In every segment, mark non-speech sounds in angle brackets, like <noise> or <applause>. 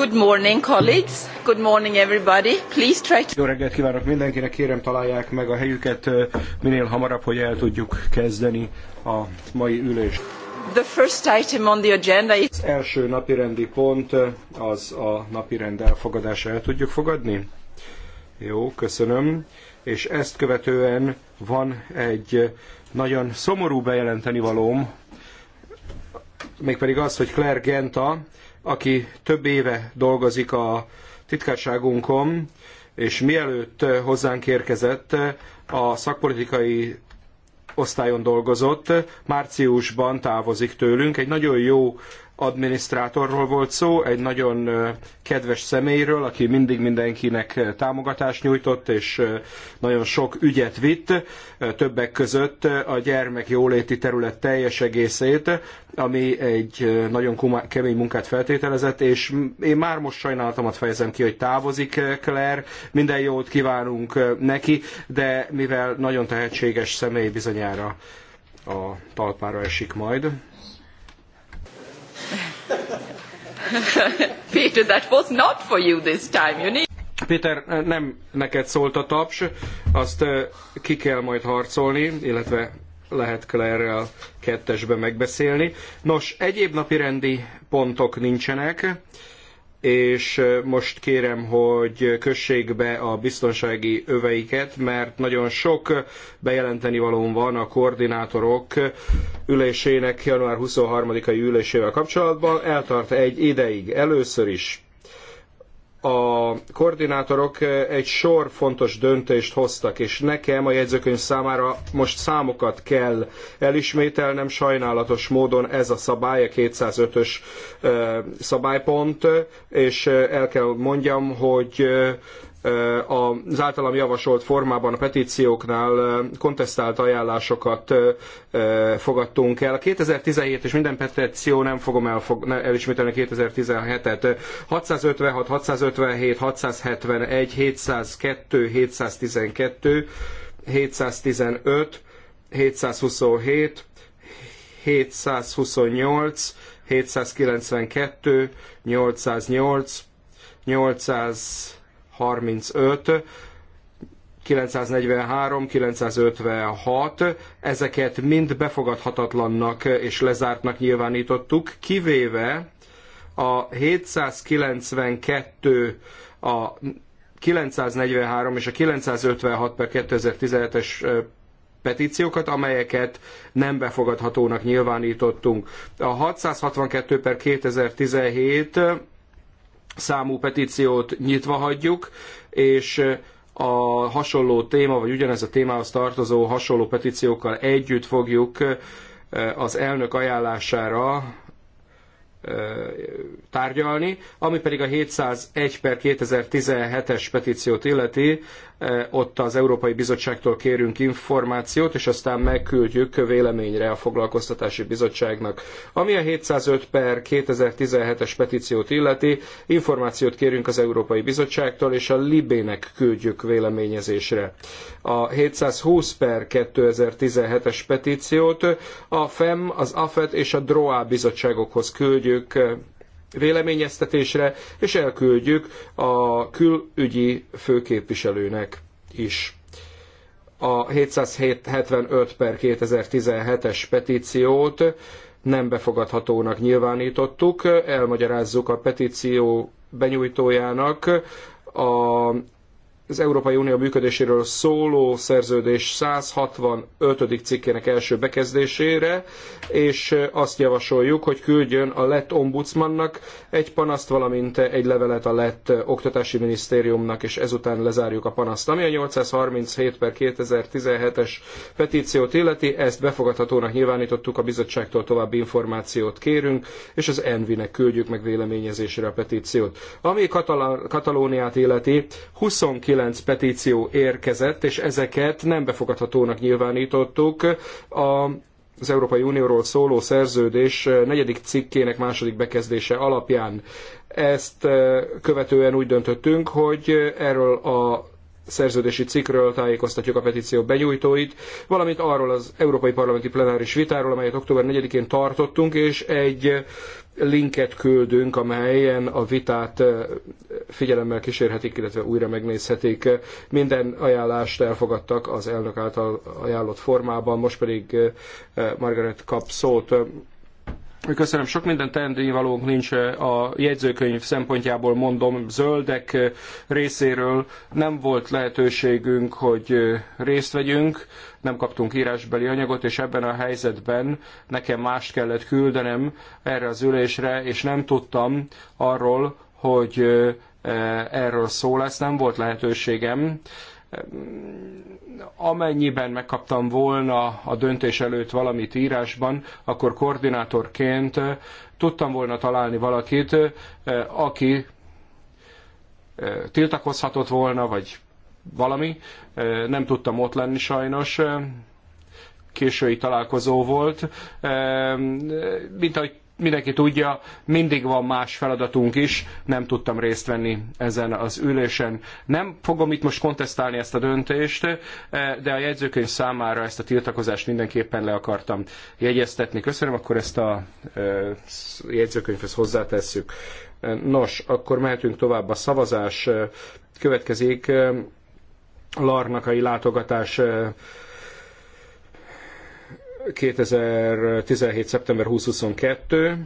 Good morning, colleagues. Good morning, everybody. Please try to... Jó reggelt kívánok mindenkinek, kérem találják meg a helyüket minél hamarabb, hogy el tudjuk kezdeni a mai ülést. The first item on the agenda is... Az első napirendi pont az a napirend elfogadása. El tudjuk fogadni? Jó, köszönöm. És ezt követően van egy nagyon szomorú bejelenteni valóm, mégpedig az, hogy Claire Genta aki több éve dolgozik a titkárságunkon, és mielőtt hozzánk érkezett, a szakpolitikai osztályon dolgozott, márciusban távozik tőlünk. Egy nagyon jó adminisztrátorról volt szó, egy nagyon kedves személyről, aki mindig mindenkinek támogatást nyújtott, és nagyon sok ügyet vitt, többek között a gyermek jóléti terület teljes egészét, ami egy nagyon kemény munkát feltételezett, és én már most sajnálatomat fejezem ki, hogy távozik Claire, minden jót kívánunk neki, de mivel nagyon tehetséges személy bizonyára a talpára esik majd, <laughs> Peter, that was not for you this time. You need... Peter, eh, nem neked szólt a taps, azt eh, ki kell majd harcolni, illetve lehet Claire-rel kettesbe megbeszélni. Nos, egyéb napi rendi pontok nincsenek és most kérem, hogy kössék be a biztonsági öveiket, mert nagyon sok bejelenteni valón van a koordinátorok ülésének január 23-ai ülésével kapcsolatban. Eltart egy ideig. Először is a koordinátorok eh, egy sor fontos döntést hoztak, és nekem a jegyzőkönyv számára most számokat kell elismételnem, sajnálatos módon ez a szabály, a 205-ös eh, szabálypont, és eh, el kell mondjam, hogy az általam javasolt formában a petícióknál kontesztált ajánlásokat fogadtunk el. 2017 és minden petíció nem fogom elfog, ne, elismételni 2017-et. 656, 657, 671, 702, 712, 715, 727, 728, 792, 808, 800 35, 943, 956, ezeket mind befogadhatatlannak és lezártnak nyilvánítottuk, kivéve a 792, a 943 és a 956 per 2017-es petíciókat, amelyeket nem befogadhatónak nyilvánítottunk. A 662 per 2017 számú petíciót nyitva hagyjuk, és a hasonló téma, vagy ugyanez a témához tartozó hasonló petíciókkal együtt fogjuk az elnök ajánlására tárgyalni, ami pedig a 701 per 2017-es petíciót illeti, E, ott az Európai Bizottságtól kérünk információt, és aztán megküldjük véleményre a Foglalkoztatási Bizottságnak. Ami a 705 per 2017-es petíciót illeti, információt kérünk az Európai Bizottságtól, és a Libének küldjük véleményezésre. A 720 per 2017-es petíciót a FEM, az AFET és a DROA bizottságokhoz küldjük véleményeztetésre, és elküldjük a külügyi főképviselőnek is. A 775 per 2017-es petíciót nem befogadhatónak nyilvánítottuk, elmagyarázzuk a petíció benyújtójának a az Európai Unió működéséről szóló szerződés 165. cikkének első bekezdésére, és azt javasoljuk, hogy küldjön a lett ombudsmannak egy panaszt, valamint egy levelet a lett oktatási minisztériumnak, és ezután lezárjuk a panaszt. Ami a 837 per 2017-es petíciót illeti, ezt befogadhatónak nyilvánítottuk, a bizottságtól további információt kérünk, és az Envinek küldjük meg véleményezésre a petíciót. Ami Katalóniát illeti, 29 29 petíció érkezett, és ezeket nem befogadhatónak nyilvánítottuk. A az Európai Unióról szóló szerződés negyedik cikkének második bekezdése alapján. Ezt követően úgy döntöttünk, hogy erről a szerződési cikkről tájékoztatjuk a petíció benyújtóit, valamint arról az Európai Parlamenti Plenáris Vitáról, amelyet október 4-én tartottunk, és egy linket küldünk, amelyen a vitát figyelemmel kísérhetik, illetve újra megnézhetik. Minden ajánlást elfogadtak az elnök által ajánlott formában, most pedig Margaret kap szót. Köszönöm, sok minden tennivalónk nincs eh, a jegyzőkönyv szempontjából, mondom, zöldek eh, részéről nem volt lehetőségünk, hogy eh, részt vegyünk, nem kaptunk írásbeli anyagot, és ebben a helyzetben nekem mást kellett küldenem erre az ülésre, és nem tudtam arról, hogy erről szó lesz, nem volt lehetőségem amennyiben megkaptam volna a döntés előtt valamit írásban, akkor koordinátorként eh, tudtam volna találni valakit, eh, aki eh, tiltakozhatott volna, vagy valami. Nem tudtam ott lenni sajnos. Késői találkozó volt. Mint ahogy mindenki tudja, mindig van más feladatunk is, nem tudtam részt venni ezen az ülésen. Nem fogom itt most kontesztálni ezt a döntést, eh, de a jegyzőkönyv számára ezt a tiltakozást mindenképpen le akartam jegyeztetni. Köszönöm, akkor ezt a eh, jegyzőkönyvhez hozzátesszük. Eh, nos, akkor mehetünk tovább. A szavazás következik. Larnakai látogatás 2017. szeptember 2022.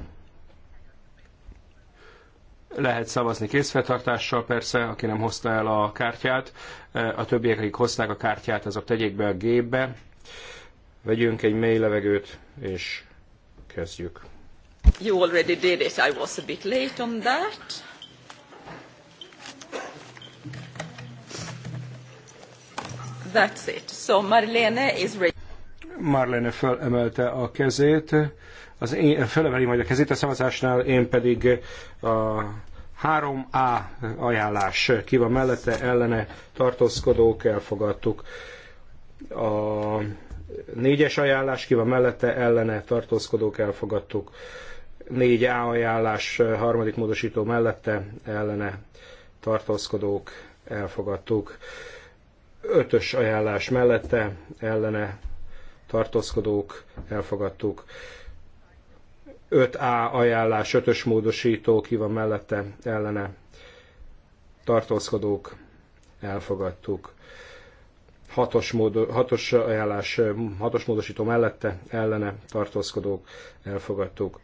Lehet szavazni készfeltartással persze, aki nem hozta el a kártyát. A többiek, akik hozták a kártyát, azok tegyék be a gépbe. Vegyünk egy mély levegőt, és kezdjük. You already did it. I was a bit late on that. That's it. So Marlene is ready. Marlene fölemelte a kezét, az én, fölemeli majd a kezét a szavazásnál, én pedig a 3A ajánlás ki van mellette, ellene tartózkodók elfogadtuk. A négyes ajánlás ki van mellette, ellene tartózkodók elfogadtuk. 4A ajánlás harmadik módosító mellette, ellene tartózkodók elfogadtuk. Ötös ajánlás mellette, ellene tartózkodók, elfogadtuk. 5A ajánlás, 5-ös módosító, ki van mellette, ellene, tartózkodók, elfogadtuk. 6-os, módo, ajánlás, 6-os módosító mellette, ellene, tartózkodók, elfogadtuk.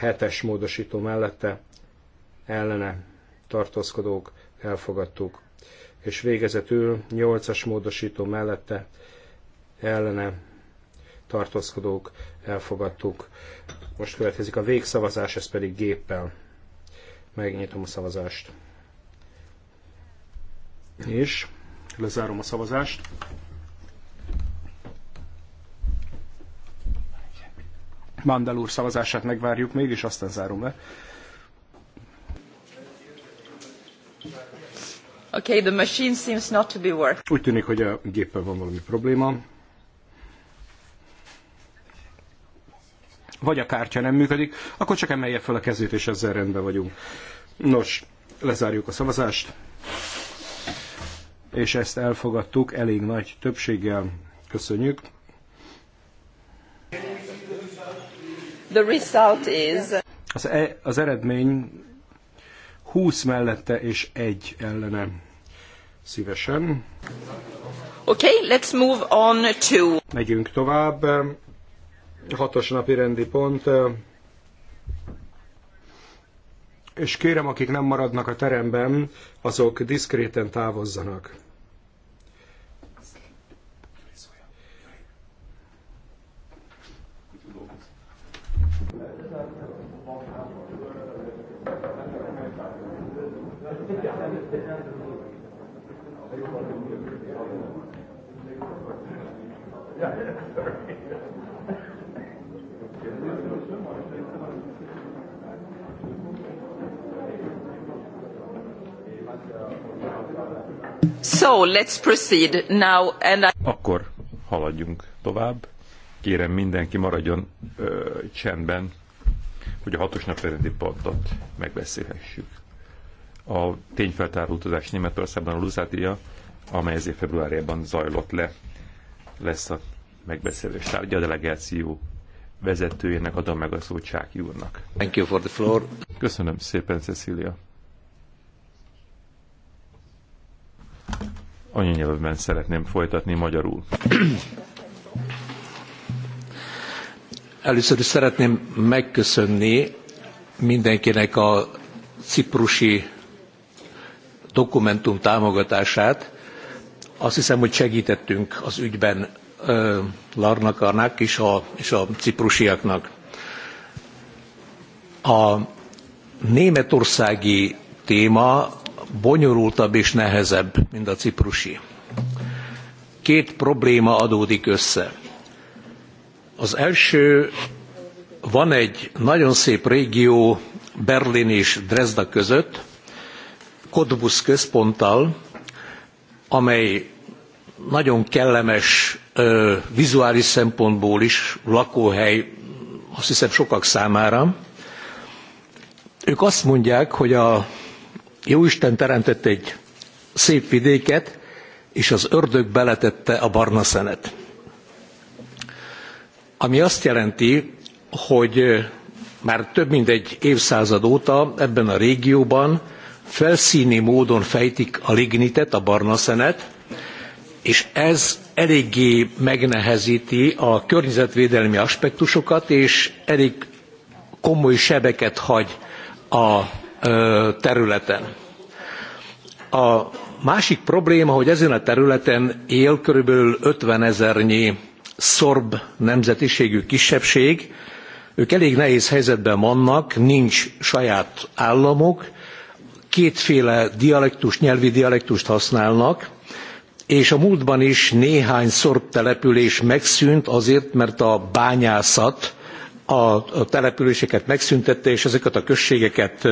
7-es módosító mellette, ellene, tartózkodók, elfogadtuk. És végezetül 8-as módosító mellette, ellene tartózkodók elfogadtuk. Most következik a végszavazás, ez pedig géppel. Megnyitom a szavazást. És lezárom a szavazást. Mandel úr szavazását megvárjuk még, és aztán zárom le. Okay, the machine seems not to be working. Úgy tűnik, hogy a géppel van valami probléma. vagy a kártya nem működik, akkor csak emelje fel a kezét, és ezzel rendben vagyunk. Nos, lezárjuk a szavazást, és ezt elfogadtuk elég nagy többséggel. Köszönjük. The result is... Az, e, az eredmény 20 mellette és 1 ellene. Szívesen. Okay, let's move on to... Megyünk tovább hatos napi rendi pont. És kérem, akik nem maradnak a teremben, azok diszkréten távozzanak. So, let's proceed now and I... Akkor haladjunk tovább. Kérem mindenki maradjon ö, csendben, hogy a hatos napirendi pontot megbeszélhessük. A tényfeltáró utazás Németországban a Lusátia, amely ezért februárjában zajlott le, lesz a megbeszélés tárgya. A delegáció vezetőjének adom meg a szót Csáki úrnak. Thank you for the floor. Köszönöm szépen, Cecilia. anyanyelvben szeretném folytatni magyarul. Először is szeretném megköszönni mindenkinek a ciprusi dokumentum támogatását. Azt hiszem, hogy segítettünk az ügyben Larnakarnak és a, és a ciprusiaknak. A németországi téma bonyolultabb és nehezebb, mint a ciprusi. Két probléma adódik össze. Az első, van egy nagyon szép régió Berlin és Dresda között, Kodbusz központtal, amely nagyon kellemes ö, vizuális szempontból is lakóhely, azt hiszem sokak számára. Ők azt mondják, hogy a Jóisten teremtett egy szép vidéket, és az ördög beletette a barna szenet. Ami azt jelenti, hogy már több mint egy évszázad óta ebben a régióban felszíni módon fejtik a lignitet, a barna szenet, és ez eléggé megnehezíti a környezetvédelmi aspektusokat, és elég komoly sebeket hagy a területen. A másik probléma, hogy ezen a területen él körülbelül 50 ezernyi szorb nemzetiségű kisebbség, ők elég nehéz helyzetben vannak, nincs saját államok, kétféle dialektus, nyelvi dialektust használnak, és a múltban is néhány szorb település megszűnt azért, mert a bányászat a településeket megszüntette, és ezeket a községeket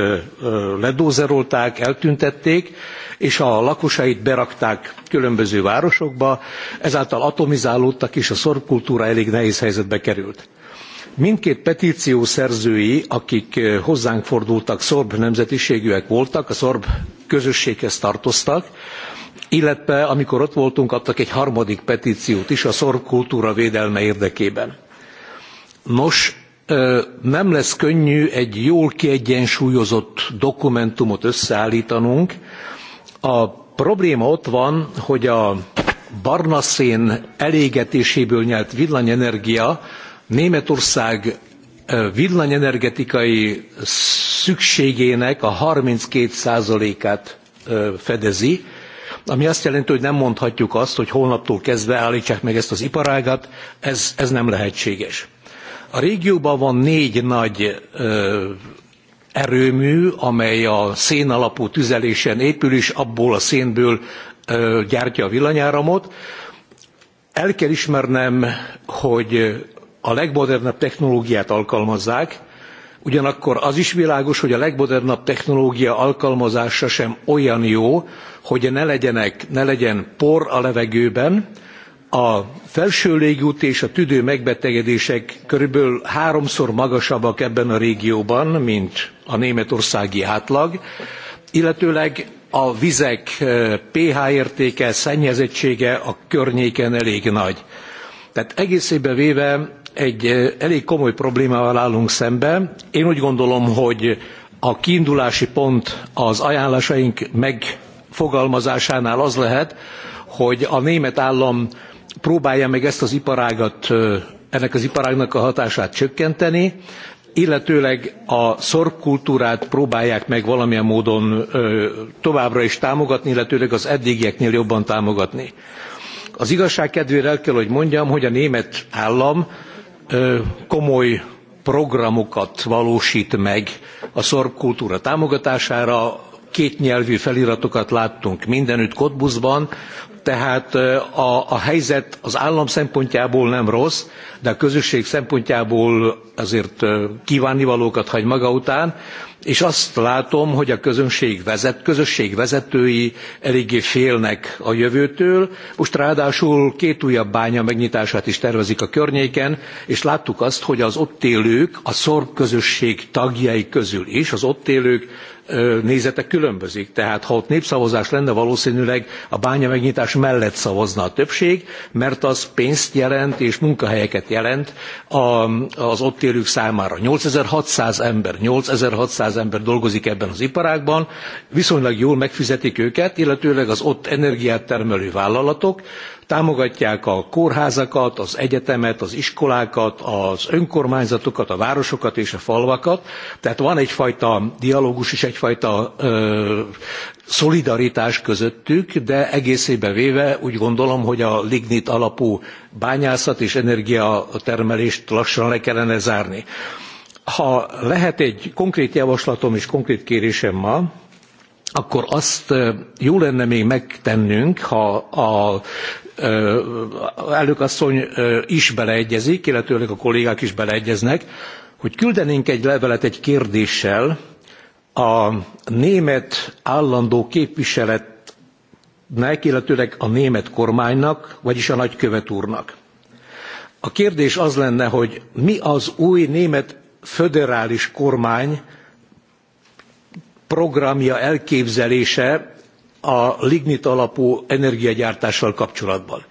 ledózerolták, eltüntették, és a lakosait berakták különböző városokba, ezáltal atomizálódtak, és a szorkultúra elég nehéz helyzetbe került. Mindkét petíció szerzői, akik hozzánk fordultak, szorb nemzetiségűek voltak, a szorb közösséghez tartoztak, illetve amikor ott voltunk, adtak egy harmadik petíciót is a szorb kultúra védelme érdekében. Nos, nem lesz könnyű egy jól kiegyensúlyozott dokumentumot összeállítanunk. A probléma ott van, hogy a barnaszén elégetéséből nyert villanyenergia Németország villanyenergetikai szükségének a 32%-át fedezi, ami azt jelenti, hogy nem mondhatjuk azt, hogy holnaptól kezdve állítsák meg ezt az iparágat, ez, ez nem lehetséges. A régióban van négy nagy ö, erőmű, amely a szén alapú tüzelésen épül, és abból a szénből ö, gyártja a villanyáramot. El kell ismernem, hogy a legmodernebb technológiát alkalmazzák, ugyanakkor az is világos, hogy a legmodernebb technológia alkalmazása sem olyan jó, hogy ne, legyenek, ne legyen por a levegőben, a felső légút és a tüdő megbetegedések körülbelül háromszor magasabbak ebben a régióban, mint a németországi átlag, illetőleg a vizek eh, pH értéke, szennyezettsége a környéken elég nagy. Tehát egészében véve egy eh, elég komoly problémával állunk szembe. Én úgy gondolom, hogy a kiindulási pont az ajánlásaink megfogalmazásánál az lehet, hogy a német állam próbálja meg ezt az iparágat, ennek az iparágnak a hatását csökkenteni, illetőleg a szorkultúrát próbálják meg valamilyen módon továbbra is támogatni, illetőleg az eddigieknél jobban támogatni. Az igazság kedvére el kell, hogy mondjam, hogy a német állam komoly programokat valósít meg a szorkultúra támogatására, kétnyelvű feliratokat láttunk mindenütt Kotbuszban, tehát a, a helyzet az állam szempontjából nem rossz, de a közösség szempontjából azért kívánivalókat hagy maga után, és azt látom, hogy a közönség, vezet, közösség vezetői eléggé félnek a jövőtől. Most ráadásul két újabb bánya megnyitását is tervezik a környéken, és láttuk azt, hogy az ott élők, a szorb közösség tagjai közül is, az ott élők nézete különbözik. Tehát ha ott népszavazás lenne, valószínűleg a bánya megnyitás mellett szavazna a többség, mert az pénzt jelent és munkahelyeket jelent az ott élők számára. 8600 ember, 8600 ember dolgozik ebben az iparágban, viszonylag jól megfizetik őket, illetőleg az ott energiát termelő vállalatok, támogatják a kórházakat, az egyetemet, az iskolákat, az önkormányzatokat, a városokat és a falvakat. Tehát van egyfajta dialógus és egyfajta ö, szolidaritás közöttük, de egészébe véve úgy gondolom, hogy a lignit alapú bányászat és energiatermelést lassan le kellene zárni. Ha lehet egy konkrét javaslatom és konkrét kérésem ma, akkor azt jó lenne még megtennünk, ha a elnök asszony is beleegyezik, illetőleg a kollégák is beleegyeznek, hogy küldenénk egy levelet egy kérdéssel a német állandó képviseletnek, illetőleg a német kormánynak, vagyis a nagykövet úrnak. A kérdés az lenne, hogy mi az új német föderális kormány programja elképzelése a lignit alapú energiagyártással kapcsolatban.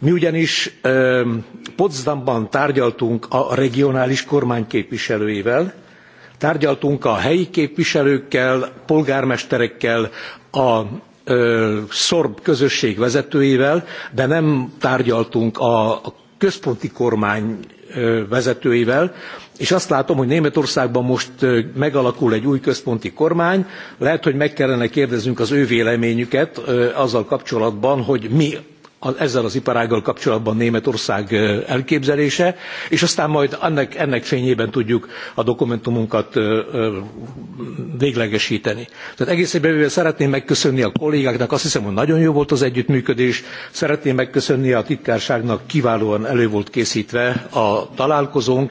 Mi ugyanis Potsdamban tárgyaltunk a regionális kormány képviselőivel, tárgyaltunk a helyi képviselőkkel, polgármesterekkel, a szorb közösség vezetőivel, de nem tárgyaltunk a központi kormány vezetőivel, és azt látom, hogy Németországban most megalakul egy új központi kormány, lehet, hogy meg kellene kérdeznünk az ő véleményüket azzal kapcsolatban, hogy mi ezzel az iparággal kapcsolatban Németország elképzelése, és aztán majd ennek, ennek fényében tudjuk a dokumentumunkat véglegesíteni. Tehát egész egyben szeretném megköszönni a kollégáknak, azt hiszem, hogy nagyon jó volt az együttműködés, szeretném megköszönni a titkárságnak, kiválóan elő volt készítve a találkozónk.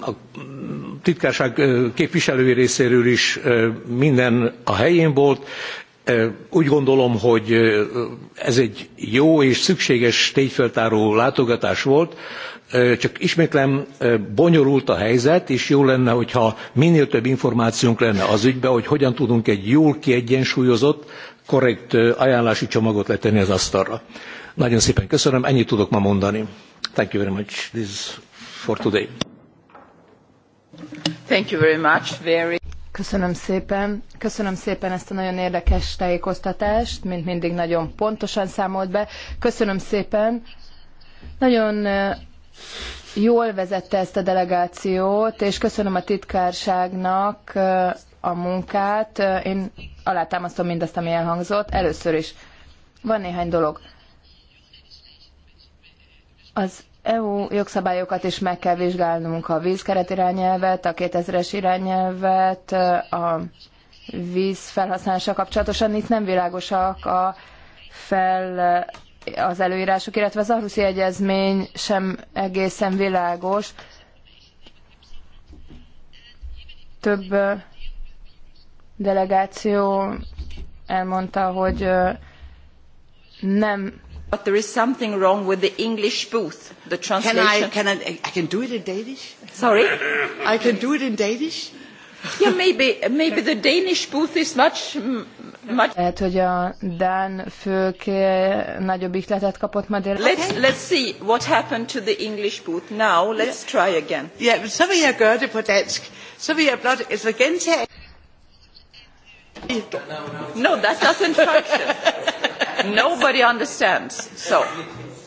A titkárság képviselői részéről is minden a helyén volt, úgy gondolom, hogy ez egy jó és szükséges tényfeltáró látogatás volt, csak ismétlem, bonyolult a helyzet, és jó lenne, hogyha minél több információnk lenne az ügyben, hogy hogyan tudunk egy jól kiegyensúlyozott, korrekt ajánlási csomagot letenni az asztalra. Nagyon szépen köszönöm, ennyit tudok ma mondani. Thank you very much. This for today. Thank you very much. Very Köszönöm szépen. Köszönöm szépen ezt a nagyon érdekes tájékoztatást, mint mindig nagyon pontosan számolt be. Köszönöm szépen. Nagyon jól vezette ezt a delegációt, és köszönöm a titkárságnak a munkát. Én alátámasztom mindazt, ami elhangzott. Először is van néhány dolog. Az EU jogszabályokat is meg kell vizsgálnunk, a vízkeret irányelvet, a 2000-es irányelvet, a víz felhasználása kapcsolatosan itt nem világosak a fel az előírások, illetve az Arhuszi Egyezmény sem egészen világos. Több delegáció elmondta, hogy nem But there is something wrong with the English booth, the translation. Can I, can I, I can do it in Danish? Sorry? I can do it in Danish? Yeah, maybe, maybe the Danish booth is much, much... Lehet, hogy a Dán főké nagyobb ihletet kapott ma délután. Let's, let's see what happened to the English booth now. Let's yeah. try again. yeah, så vil jeg gøre det på dansk. Så vil jeg blot altså gentage... no, that doesn't function. <laughs> Nobody understands. So.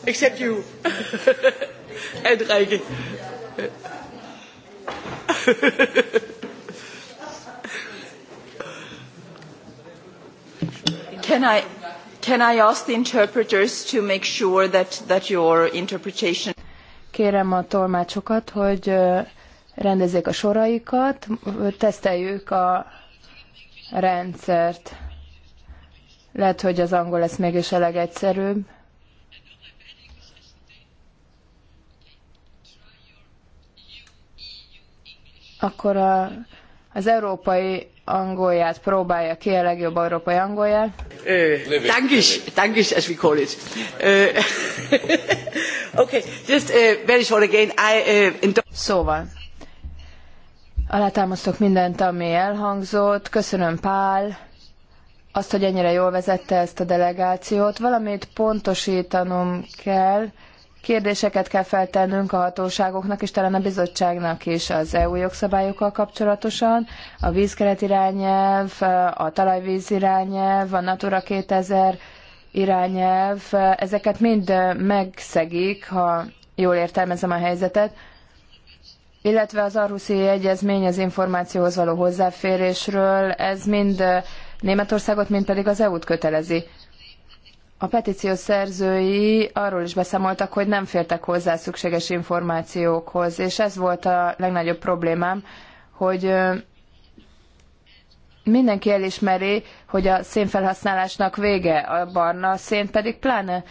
Except you. and <laughs> Reike. can I can I ask the interpreters to make sure that that your interpretation Kérem a tolmácsokat, hogy rendezzék a soraikat, teszteljük a rendszert. Lehet, hogy az angol lesz mégis a legegyszerűbb. Akkor a, az európai angolját próbálja ki, a legjobb európai angolját. Tankis, tankis, as we call it. <laughs> okay, just uh, very short again. I, uh, szóval, alátámasztok mindent, ami elhangzott. Köszönöm, Pál azt, hogy ennyire jól vezette ezt a delegációt. Valamit pontosítanom kell, kérdéseket kell feltennünk a hatóságoknak és talán a bizottságnak is az EU jogszabályokkal kapcsolatosan. A vízkeret irányelv, a talajvíz irányelv, a Natura 2000 irányelv, ezeket mind megszegik, ha jól értelmezem a helyzetet, illetve az Arhuszi Egyezmény az információhoz való hozzáférésről, ez mind Németországot, mint pedig az EU-t kötelezi. A petíció szerzői arról is beszámoltak, hogy nem fértek hozzá szükséges információkhoz, és ez volt a legnagyobb problémám, hogy mindenki elismeri, hogy a szénfelhasználásnak vége, a barna szén pedig pláne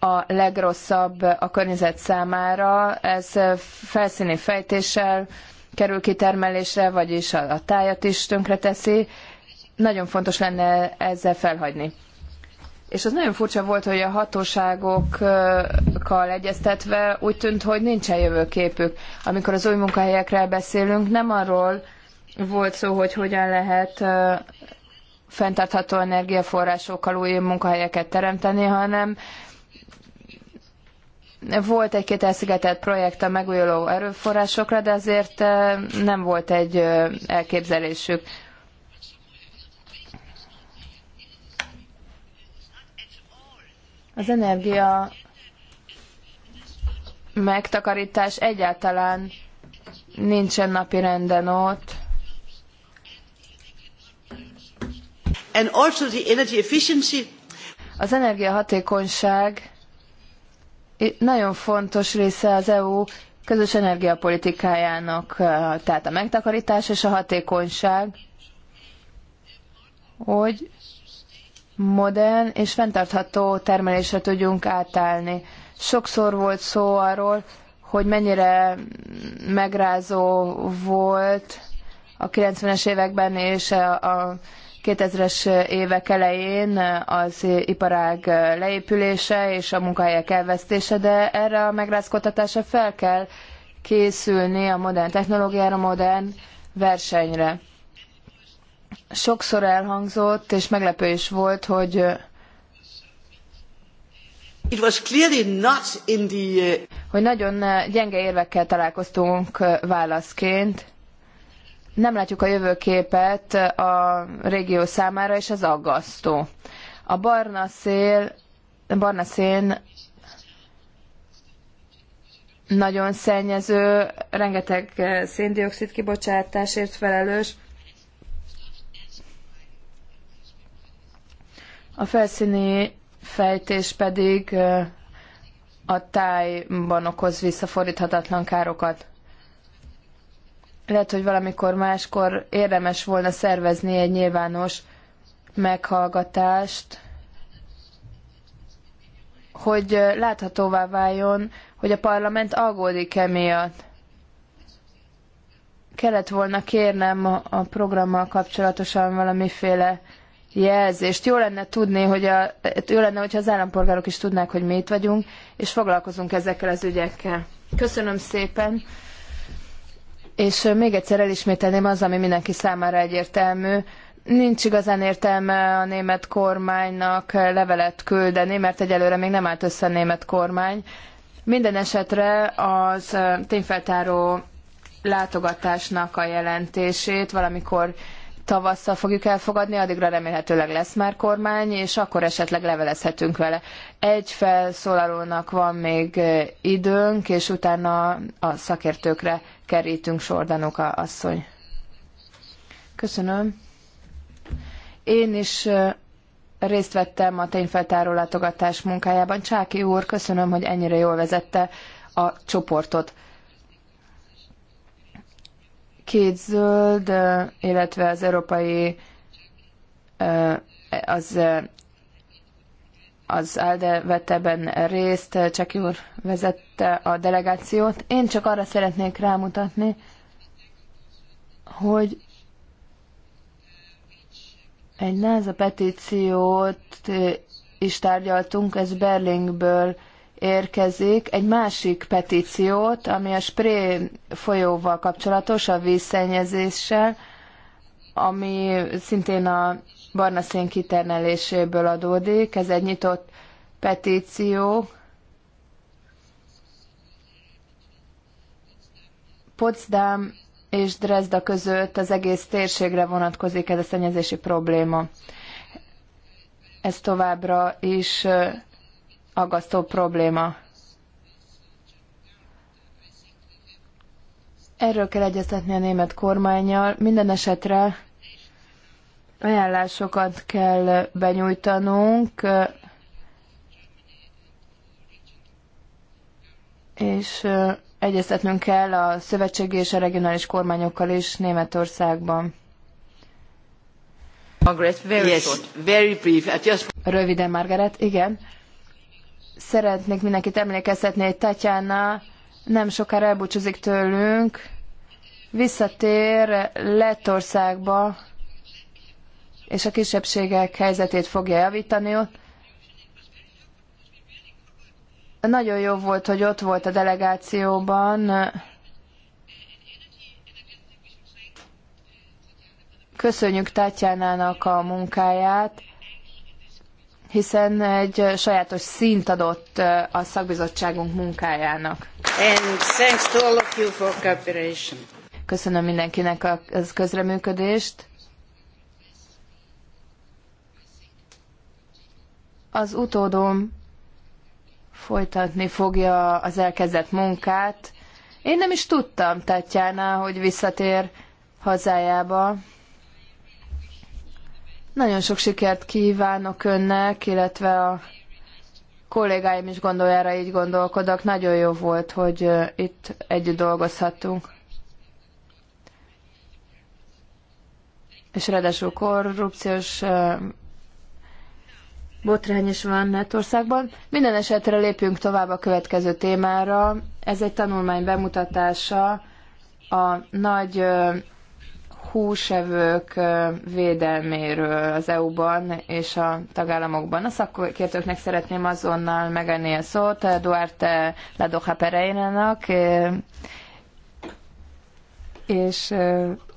a legrosszabb a környezet számára. Ez felszíni fejtéssel kerül kitermelésre, vagyis a tájat is tönkreteszi, nagyon fontos lenne ezzel felhagyni. És az nagyon furcsa volt, hogy a hatóságokkal egyeztetve úgy tűnt, hogy nincsen jövőképük. Amikor az új munkahelyekről beszélünk, nem arról volt szó, hogy hogyan lehet fenntartható energiaforrásokkal új munkahelyeket teremteni, hanem volt egy-két elszigetelt projekt a megújuló erőforrásokra, de azért nem volt egy elképzelésük Az energia megtakarítás egyáltalán nincsen napi renden ott. And also the energy efficiency. Az energiahatékonyság nagyon fontos része az EU közös energiapolitikájának, tehát a megtakarítás és a hatékonyság, hogy modern és fenntartható termelésre tudjunk átállni. Sokszor volt szó arról, hogy mennyire megrázó volt a 90-es években és a 2000-es évek elején az iparág leépülése és a munkahelyek elvesztése, de erre a megrázkodtatásra fel kell készülni a modern technológiára, modern versenyre sokszor elhangzott, és meglepő is volt, hogy It was clearly not in the... hogy nagyon gyenge érvekkel találkoztunk válaszként. Nem látjuk a jövőképet a régió számára, és ez aggasztó. A barna szél, barna szén nagyon szennyező, rengeteg széndiokszid kibocsátásért felelős, a felszíni fejtés pedig a tájban okoz visszafordíthatatlan károkat. Lehet, hogy valamikor máskor érdemes volna szervezni egy nyilvános meghallgatást, hogy láthatóvá váljon, hogy a parlament aggódik emiatt. Kellett volna kérnem a programmal kapcsolatosan valamiféle jelzést. Jó lenne tudni, hogy a, jó lenne, hogyha az állampolgárok is tudnák, hogy mi itt vagyunk, és foglalkozunk ezekkel az ügyekkel. Köszönöm szépen, és még egyszer elismételném az, ami mindenki számára egyértelmű. Nincs igazán értelme a német kormánynak levelet küldeni, mert egyelőre még nem állt össze a német kormány. Minden esetre az tényfeltáró látogatásnak a jelentését valamikor tavasszal fogjuk elfogadni, addigra remélhetőleg lesz már kormány, és akkor esetleg levelezhetünk vele. Egy felszólalónak van még időnk, és utána a szakértőkre kerítünk sordanuka asszony. Köszönöm. Én is részt vettem a tényfeltáró látogatás munkájában. Csáki úr, köszönöm, hogy ennyire jól vezette a csoportot. Két zöld, illetve az európai az az Alde vette ebben részt, Cseki úr vezette a delegációt. Én csak arra szeretnék rámutatni, hogy egy a petíciót is tárgyaltunk, ez Berlingből érkezik egy másik petíciót, ami a Spré folyóval kapcsolatos, a vízszennyezéssel, ami szintén a barna szén kiterneléséből adódik. Ez egy nyitott petíció. Potsdam és Dresda között az egész térségre vonatkozik ez a szennyezési probléma. Ez továbbra is aggasztó probléma. Erről kell egyeztetni a német kormányjal. Minden esetre ajánlásokat kell benyújtanunk, és egyeztetnünk kell a szövetségi és a regionális kormányokkal is Németországban. Margaret, very yes, very brief. Just... Röviden, Margaret, igen szeretnék mindenkit emlékeztetni, hogy Tatyana nem sokára elbúcsúzik tőlünk, visszatér Lettországba, és a kisebbségek helyzetét fogja javítani ott. Nagyon jó volt, hogy ott volt a delegációban. Köszönjük Tatjánának a munkáját hiszen egy sajátos szint adott a szakbizottságunk munkájának. Köszönöm mindenkinek a közreműködést. Az utódom folytatni fogja az elkezdett munkát. Én nem is tudtam, Tatjana, hogy visszatér hazájába. Nagyon sok sikert kívánok önnek, illetve a kollégáim is gondoljára így gondolkodok. Nagyon jó volt, hogy itt együtt dolgozhattunk. És ráadásul korrupciós botrány is van Lettországban. Minden esetre lépjünk tovább a következő témára. Ez egy tanulmány bemutatása a nagy húsevők védelméről az EU-ban és a tagállamokban. A szakértőknek szeretném azonnal megenni a szót Duarte Ladoja Pereirának és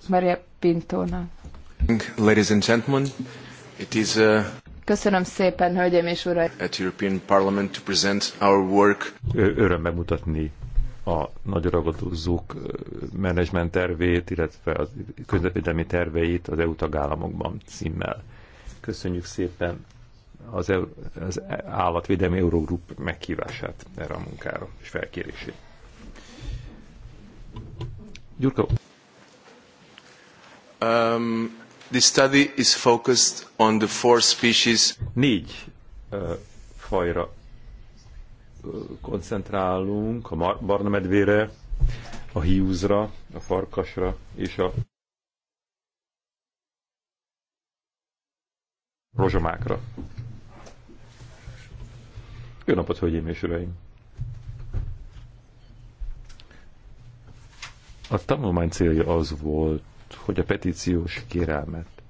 Maria Pintónak. Ladies and gentlemen, it is a... Uh, Köszönöm szépen, hölgyeim és uraim! At European Parliament to present our work a nagy ragadozók menedzsment tervét, illetve a közvetvédelmi terveit az EU tagállamokban címmel. Köszönjük szépen az, EU, az állatvédelmi Eurogroup meghívását erre a munkára és felkérését. Gyurka. Um, this study is focused on the four species. Négy uh, fajra koncentrálunk a barna medvére, a hiúzra, a farkasra és a rozsomákra. Jó napot, hölgyeim és uraim! A tanulmány célja az volt, hogy a petíciós kérelmet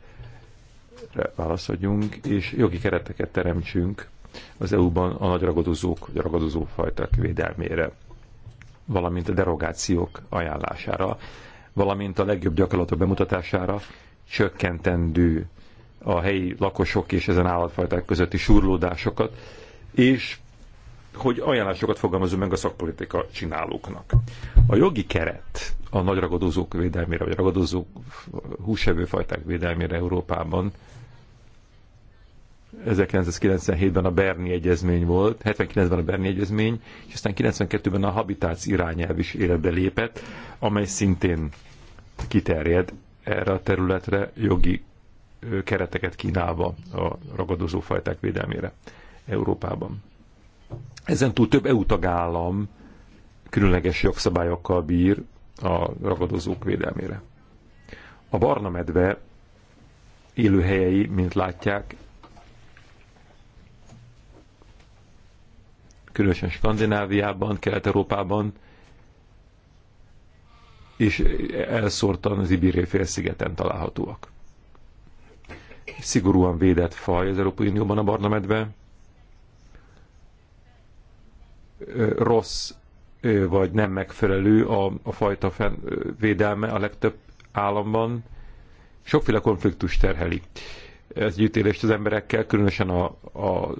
válaszoljunk, és jogi kereteket teremtsünk az EU-ban a nagy ragadozók, vagy ragadozó fajták védelmére, valamint a derogációk ajánlására, valamint a legjobb gyakorlatok bemutatására csökkentendő a helyi lakosok és ezen állatfajták közötti surlódásokat, és hogy ajánlásokat fogalmazunk meg a szakpolitika csinálóknak. A jogi keret a nagy ragadozók védelmére, vagy ragadozó fajták védelmére Európában 1997-ben a Berni Egyezmény volt, 79-ben a Berni Egyezmény, és aztán 92-ben a Habitats irányelv is életbe lépett, amely szintén kiterjed erre a területre jogi kereteket kínálva a ragadozó fajták védelmére Európában. Ezen túl több EU tagállam különleges jogszabályokkal bír a ragadozók védelmére. A barna medve élőhelyei, mint látják, különösen Skandináviában, Kelet-Európában, és elszórtan az Ibiré félszigeten találhatóak. Szigorúan védett faj az Európai Unióban a barna medve. Rossz vagy nem megfelelő a, a fajta fenn, védelme a legtöbb államban. Sokféle konfliktus terheli együttélést az emberekkel, különösen a, a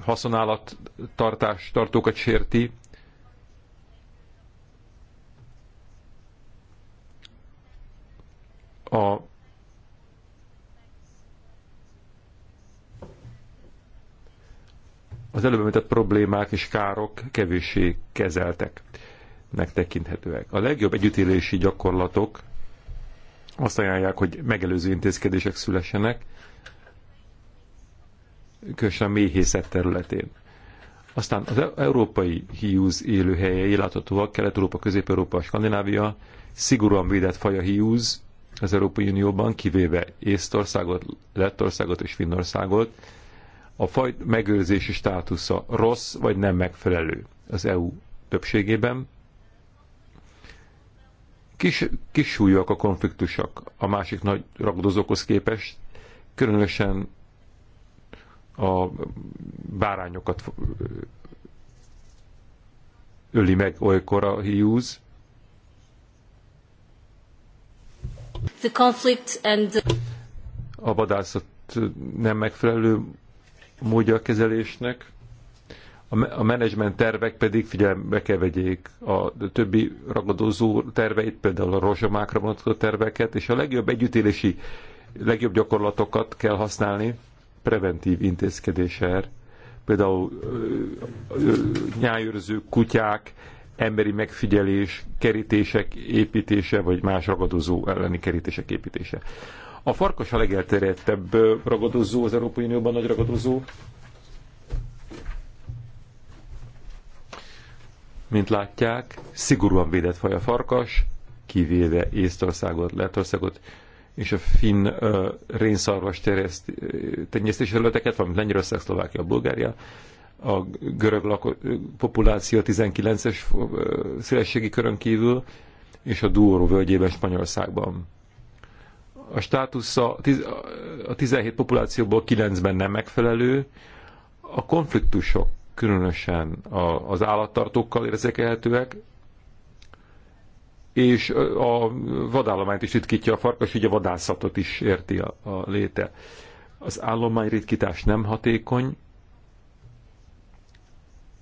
haszonállattartás tartás, tartókat sérti. A az előbb említett problémák és károk kevéssé kezeltek, megtekinthetőek. A legjobb együttélési gyakorlatok azt ajánlják, hogy megelőző intézkedések szülessenek, különösen a méhészet területén. Aztán az európai híúz élőhelyei láthatóak, Kelet-Európa, Közép-Európa, Skandinávia, szigorúan védett faj a az Európai Unióban, kivéve Észtországot, Lettországot és Finnországot. A faj megőrzési státusza rossz vagy nem megfelelő az EU többségében. Kis, kis súlyok a konfliktusok a másik nagy ragadozókhoz képest, különösen a bárányokat öli meg olykor a hiúz. The conflict and the... A vadászat nem megfelelő módja a kezelésnek a menedzsment tervek pedig figyelembe kell vegyék a többi ragadozó terveit, például a rozsomákra vonatkozó terveket, és a legjobb együttélési, legjobb gyakorlatokat kell használni preventív intézkedéssel. Például nyájőrző kutyák, emberi megfigyelés, kerítések építése, vagy más ragadozó elleni kerítések építése. A farkas a legelterjedtebb ragadozó az Európai Unióban, nagy ragadozó, Mint látják, szigorúan védett faj a farkas, kivéve Észtországot, Lettországot és a finn uh, rénszarvas tenyésztési területeket, valamint Lengyelország, Szlovákia, Bulgária. A görög lako- populáció 19-es uh, szélességi körön kívül, és a Duoro völgyében Spanyolországban. A státusza a 17 populációból 9-ben nem megfelelő, a konfliktusok különösen a, az állattartókkal érzékelhetőek, és a vadállományt is ritkítja a farkas, így a vadászatot is érti a, a léte. Az állomány ritkítás nem hatékony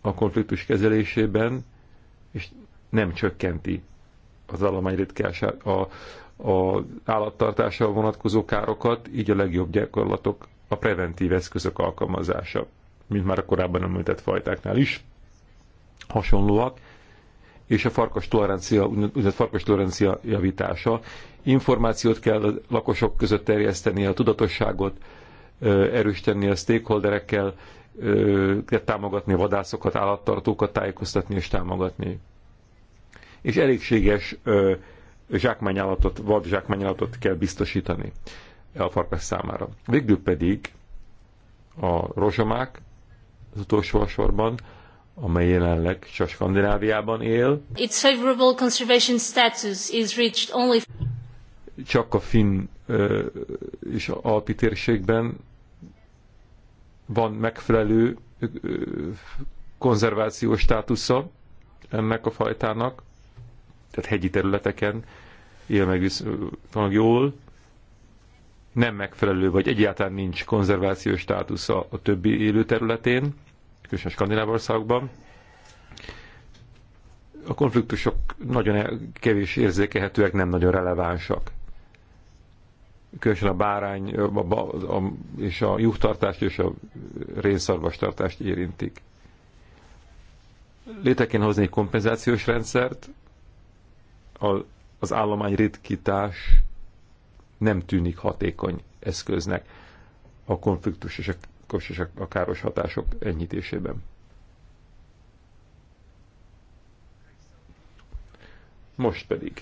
a konfliktus kezelésében, és nem csökkenti az állomány ritkását, a, a állattartással vonatkozó károkat, így a legjobb gyakorlatok a preventív eszközök alkalmazása mint már a korábban említett fajtáknál is, hasonlóak, és a farkas tolerancia, úgynevezett farkas tolerancia javítása. Információt kell a lakosok között terjeszteni, a tudatosságot erősíteni a stakeholderekkel, kell támogatni a vadászokat, állattartókat, tájékoztatni és támogatni. És elégséges zsákmányállatot, vad zsákmányállatot kell biztosítani a farkas számára. Végül pedig a rozsomák az utolsó sorban, amely jelenleg csak Skandináviában él. Its favorable conservation status is reached only csak a finn ö, és a alpi térségben van megfelelő ö, konzervációs státusza ennek a fajtának, tehát hegyi területeken él meg van jól, nem megfelelő, vagy egyáltalán nincs konzervációs státusza a többi élő területén különösen skandináv országokban. A konfliktusok nagyon kevés érzékelhetőek, nem nagyon relevánsak. Különösen a bárány a, a, a, és a juhtartást és a rénszarvastartást érintik. Létre kéne hozni egy kompenzációs rendszert, a, az állomány ritkítás nem tűnik hatékony eszköznek a konfliktus és a kos és a káros hatások enyhítésében. Most pedig.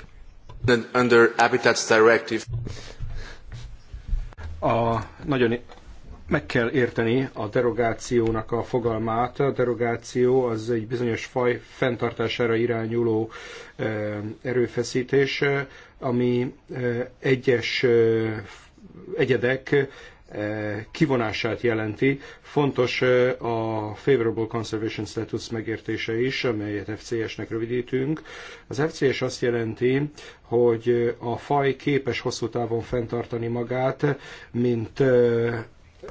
Then under Habitats Directive. A nagyon meg kell érteni a derogációnak a fogalmát. A derogáció az egy bizonyos faj fenntartására irányuló eh, erőfeszítés, eh, ami eh, egyes egyedek kivonását jelenti. Fontos a Favorable Conservation Status megértése is, amelyet FCS-nek rövidítünk. Az FCS azt jelenti, hogy a faj képes hosszú távon fenntartani magát, mint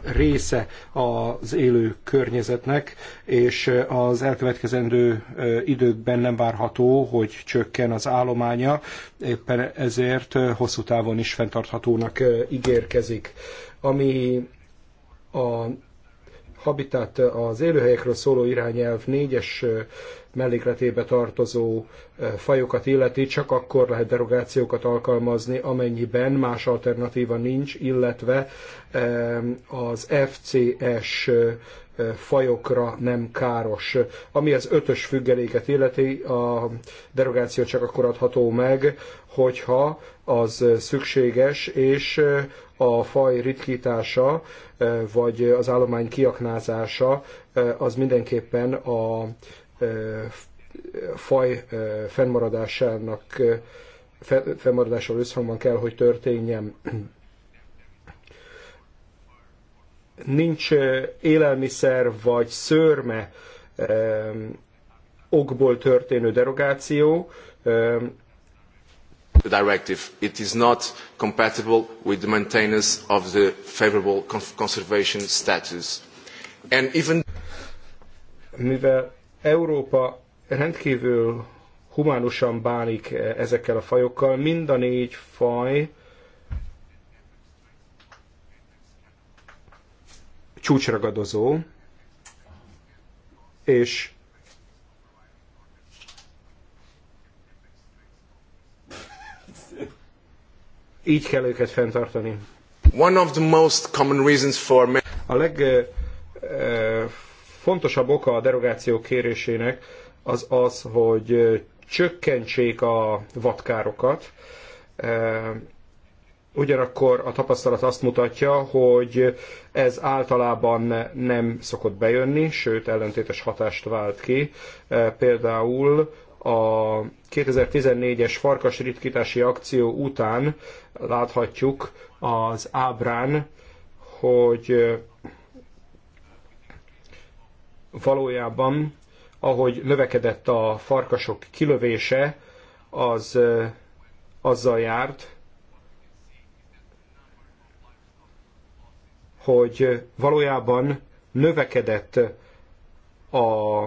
része az élő környezetnek, és az elkövetkezendő időkben nem várható, hogy csökken az állománya, éppen ezért hosszú távon is fenntarthatónak ígérkezik. Ami a Habitat az élőhelyekről szóló irányelv négyes mellékletébe tartozó eh, fajokat illeti, csak akkor lehet derogációkat alkalmazni, amennyiben más alternatíva nincs, illetve eh, az FCS eh, fajokra nem káros. Ami az ötös függeléket illeti, a derogáció csak akkor adható meg, hogyha az szükséges, és a faj ritkítása, vagy az állomány kiaknázása az mindenképpen a faj fennmaradásának fennmaradással összhangban kell, hogy történjen. Nincs élelmiszer vagy szörme okból történő derogáció. The directive it is not compatible with the maintenance of the favorable conservation status. And even mivel Európa rendkívül humánusan bánik ezekkel a fajokkal. Mind a négy faj csúcsragadozó, és így kell őket fenntartani. One of the most common reasons for a leg uh, uh, Fontosabb oka a derogáció kérésének az az, hogy csökkentsék a vatkárokat. Ugyanakkor a tapasztalat azt mutatja, hogy ez általában nem szokott bejönni, sőt ellentétes hatást vált ki. Például a 2014-es farkas ritkítási akció után láthatjuk az ábrán, hogy valójában, ahogy növekedett a farkasok kilövése, az azzal járt, hogy valójában növekedett a,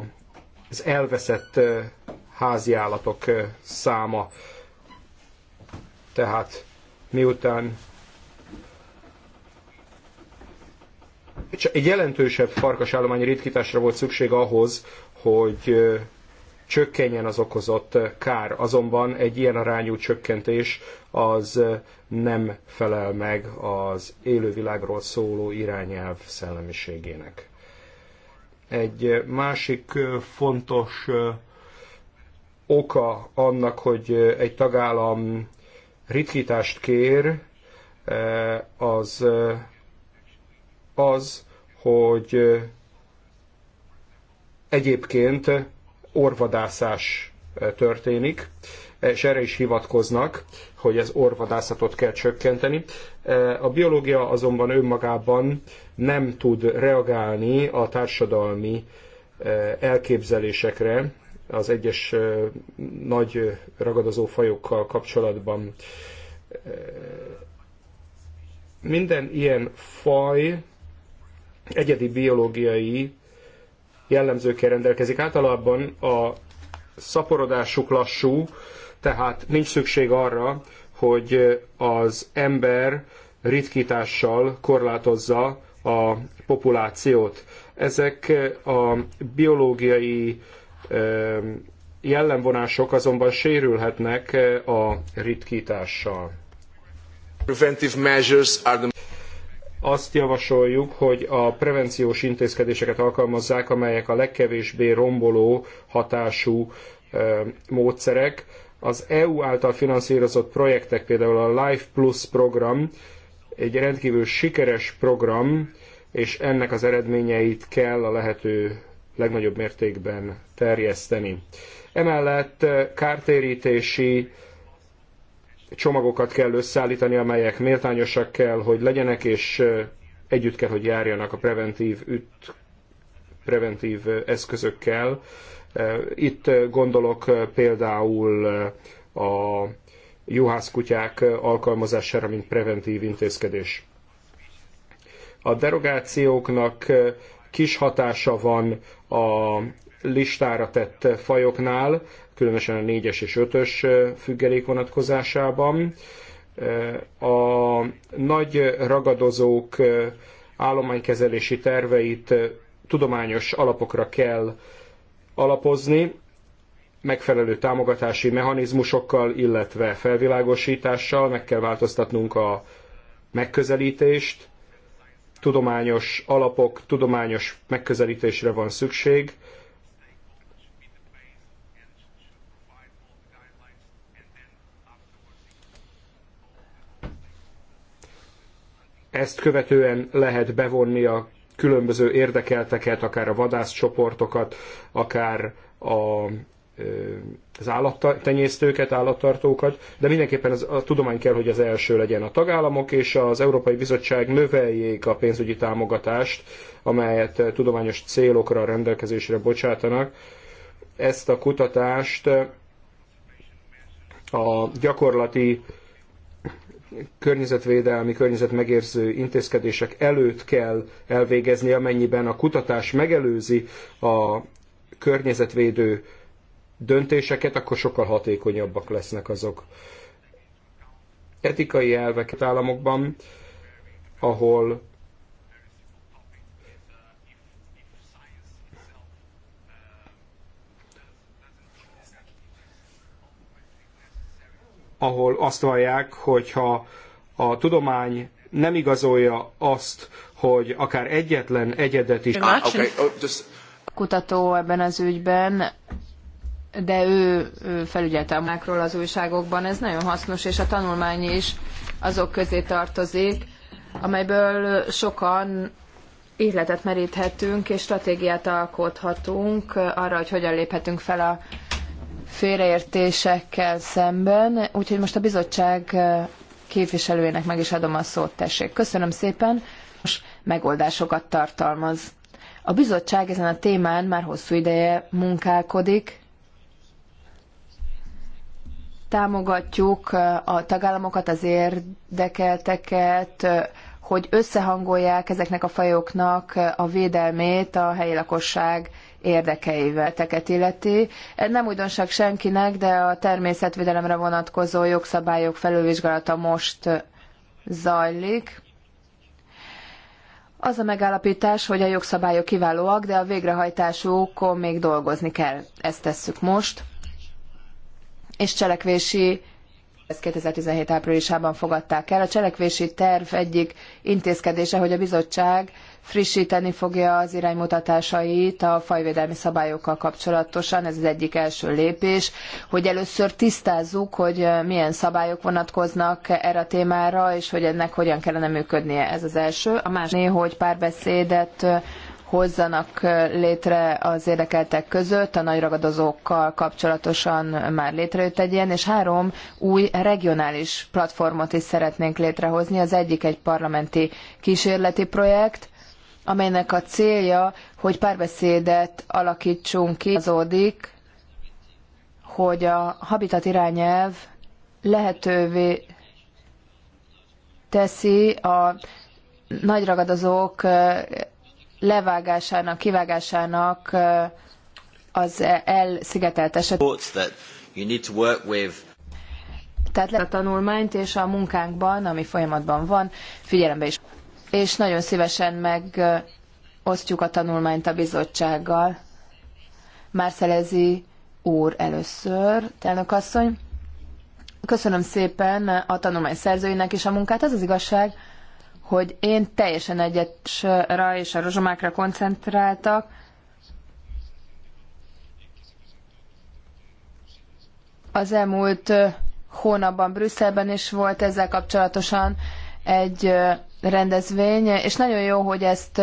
az elveszett háziállatok száma. Tehát miután egy jelentősebb farkasállomány ritkításra volt szükség ahhoz, hogy csökkenjen az okozott kár. Azonban egy ilyen arányú csökkentés az nem felel meg az élővilágról szóló irányelv szellemiségének. Egy másik fontos oka annak, hogy egy tagállam ritkítást kér, az az, hogy egyébként orvadászás történik, e, és erre is hivatkoznak, hogy ez orvadászatot kell csökkenteni. E, a biológia azonban önmagában nem tud reagálni a társadalmi e, elképzelésekre az egyes nagy ragadozó fajokkal kapcsolatban. Minden ilyen faj egyedi biológiai jellemzőkkel rendelkezik. Általában a szaporodásuk lassú, tehát nincs szükség arra, hogy az ember ritkítással korlátozza a populációt. Ezek a biológiai jellemvonások azonban sérülhetnek a ritkítással azt javasoljuk, hogy a prevenciós intézkedéseket alkalmazzák, amelyek a legkevésbé romboló hatású módszerek. Az EU által finanszírozott projektek, például a Life Plus program, egy rendkívül sikeres program, és ennek az eredményeit kell a lehető legnagyobb mértékben terjeszteni. Emellett kártérítési csomagokat kell összeállítani, amelyek méltányosak kell, hogy legyenek, és együtt kell, hogy járjanak a preventív, üt, preventív eszközökkel. Itt gondolok például a juhászkutyák alkalmazására, mint preventív intézkedés. A derogációknak kis hatása van a listára tett fajoknál, különösen a 4-es és 5-ös függelék vonatkozásában. A nagy ragadozók állománykezelési terveit tudományos alapokra kell alapozni, megfelelő támogatási mechanizmusokkal, illetve felvilágosítással meg kell változtatnunk a megközelítést. Tudományos alapok, tudományos megközelítésre van szükség. Ezt követően lehet bevonni a különböző érdekelteket, akár a vadászcsoportokat, akár a, az állattenyésztőket, állattartókat, de mindenképpen az, a tudomány kell, hogy az első legyen a tagállamok, és az Európai Bizottság növeljék a pénzügyi támogatást, amelyet tudományos célokra rendelkezésre bocsátanak. Ezt a kutatást a gyakorlati környezetvédelmi, környezetmegérző intézkedések előtt kell elvégezni, amennyiben a kutatás megelőzi a környezetvédő döntéseket, akkor sokkal hatékonyabbak lesznek azok. Etikai elveket államokban, ahol ahol azt vallják, hogyha a tudomány nem igazolja azt, hogy akár egyetlen egyedet is... Ah, oh, Kutató ebben az ügyben, de ő, ő felügyelte mákról az újságokban, ez nagyon hasznos, és a tanulmány is azok közé tartozik, amelyből sokan életet meríthetünk, és stratégiát alkothatunk arra, hogy hogyan léphetünk fel a félreértésekkel szemben, úgyhogy most a bizottság képviselőjének meg is adom a szót, tessék. Köszönöm szépen, most megoldásokat tartalmaz. A bizottság ezen a témán már hosszú ideje munkálkodik, támogatjuk a tagállamokat, az érdekelteket, hogy összehangolják ezeknek a fajoknak a védelmét a helyi lakosság érdekeivel teket illeti. Nem újdonság senkinek, de a természetvédelemre vonatkozó jogszabályok felülvizsgálata most zajlik. Az a megállapítás, hogy a jogszabályok kiválóak, de a végrehajtásukon még dolgozni kell. Ezt tesszük most. És cselekvési ezt 2017 áprilisában fogadták el. A cselekvési terv egyik intézkedése, hogy a bizottság frissíteni fogja az iránymutatásait a fajvédelmi szabályokkal kapcsolatosan. Ez az egyik első lépés, hogy először tisztázzuk, hogy milyen szabályok vonatkoznak erre a témára, és hogy ennek hogyan kellene működnie. Ez az első. A másik, hogy párbeszédet hozzanak létre az érdekeltek között, a nagy ragadozókkal kapcsolatosan már létrejött egy ilyen, és három új regionális platformot is szeretnénk létrehozni. Az egyik egy parlamenti kísérleti projekt, amelynek a célja, hogy párbeszédet alakítsunk ki, azódik, hogy a habitat irányelv lehetővé teszi a nagy ragadozók levágásának, kivágásának az elszigetelt eset. Tehát a tanulmányt és a munkánkban, ami folyamatban van, figyelembe is. És nagyon szívesen megosztjuk a tanulmányt a bizottsággal. Márcelezi úr először, elnök asszony. Köszönöm szépen a tanulmány szerzőinek is a munkát. Az az igazság, hogy én teljesen egyetre és a rozsomákra koncentráltak, az elmúlt hónapban Brüsszelben is volt ezzel kapcsolatosan egy rendezvény, és nagyon jó, hogy ezt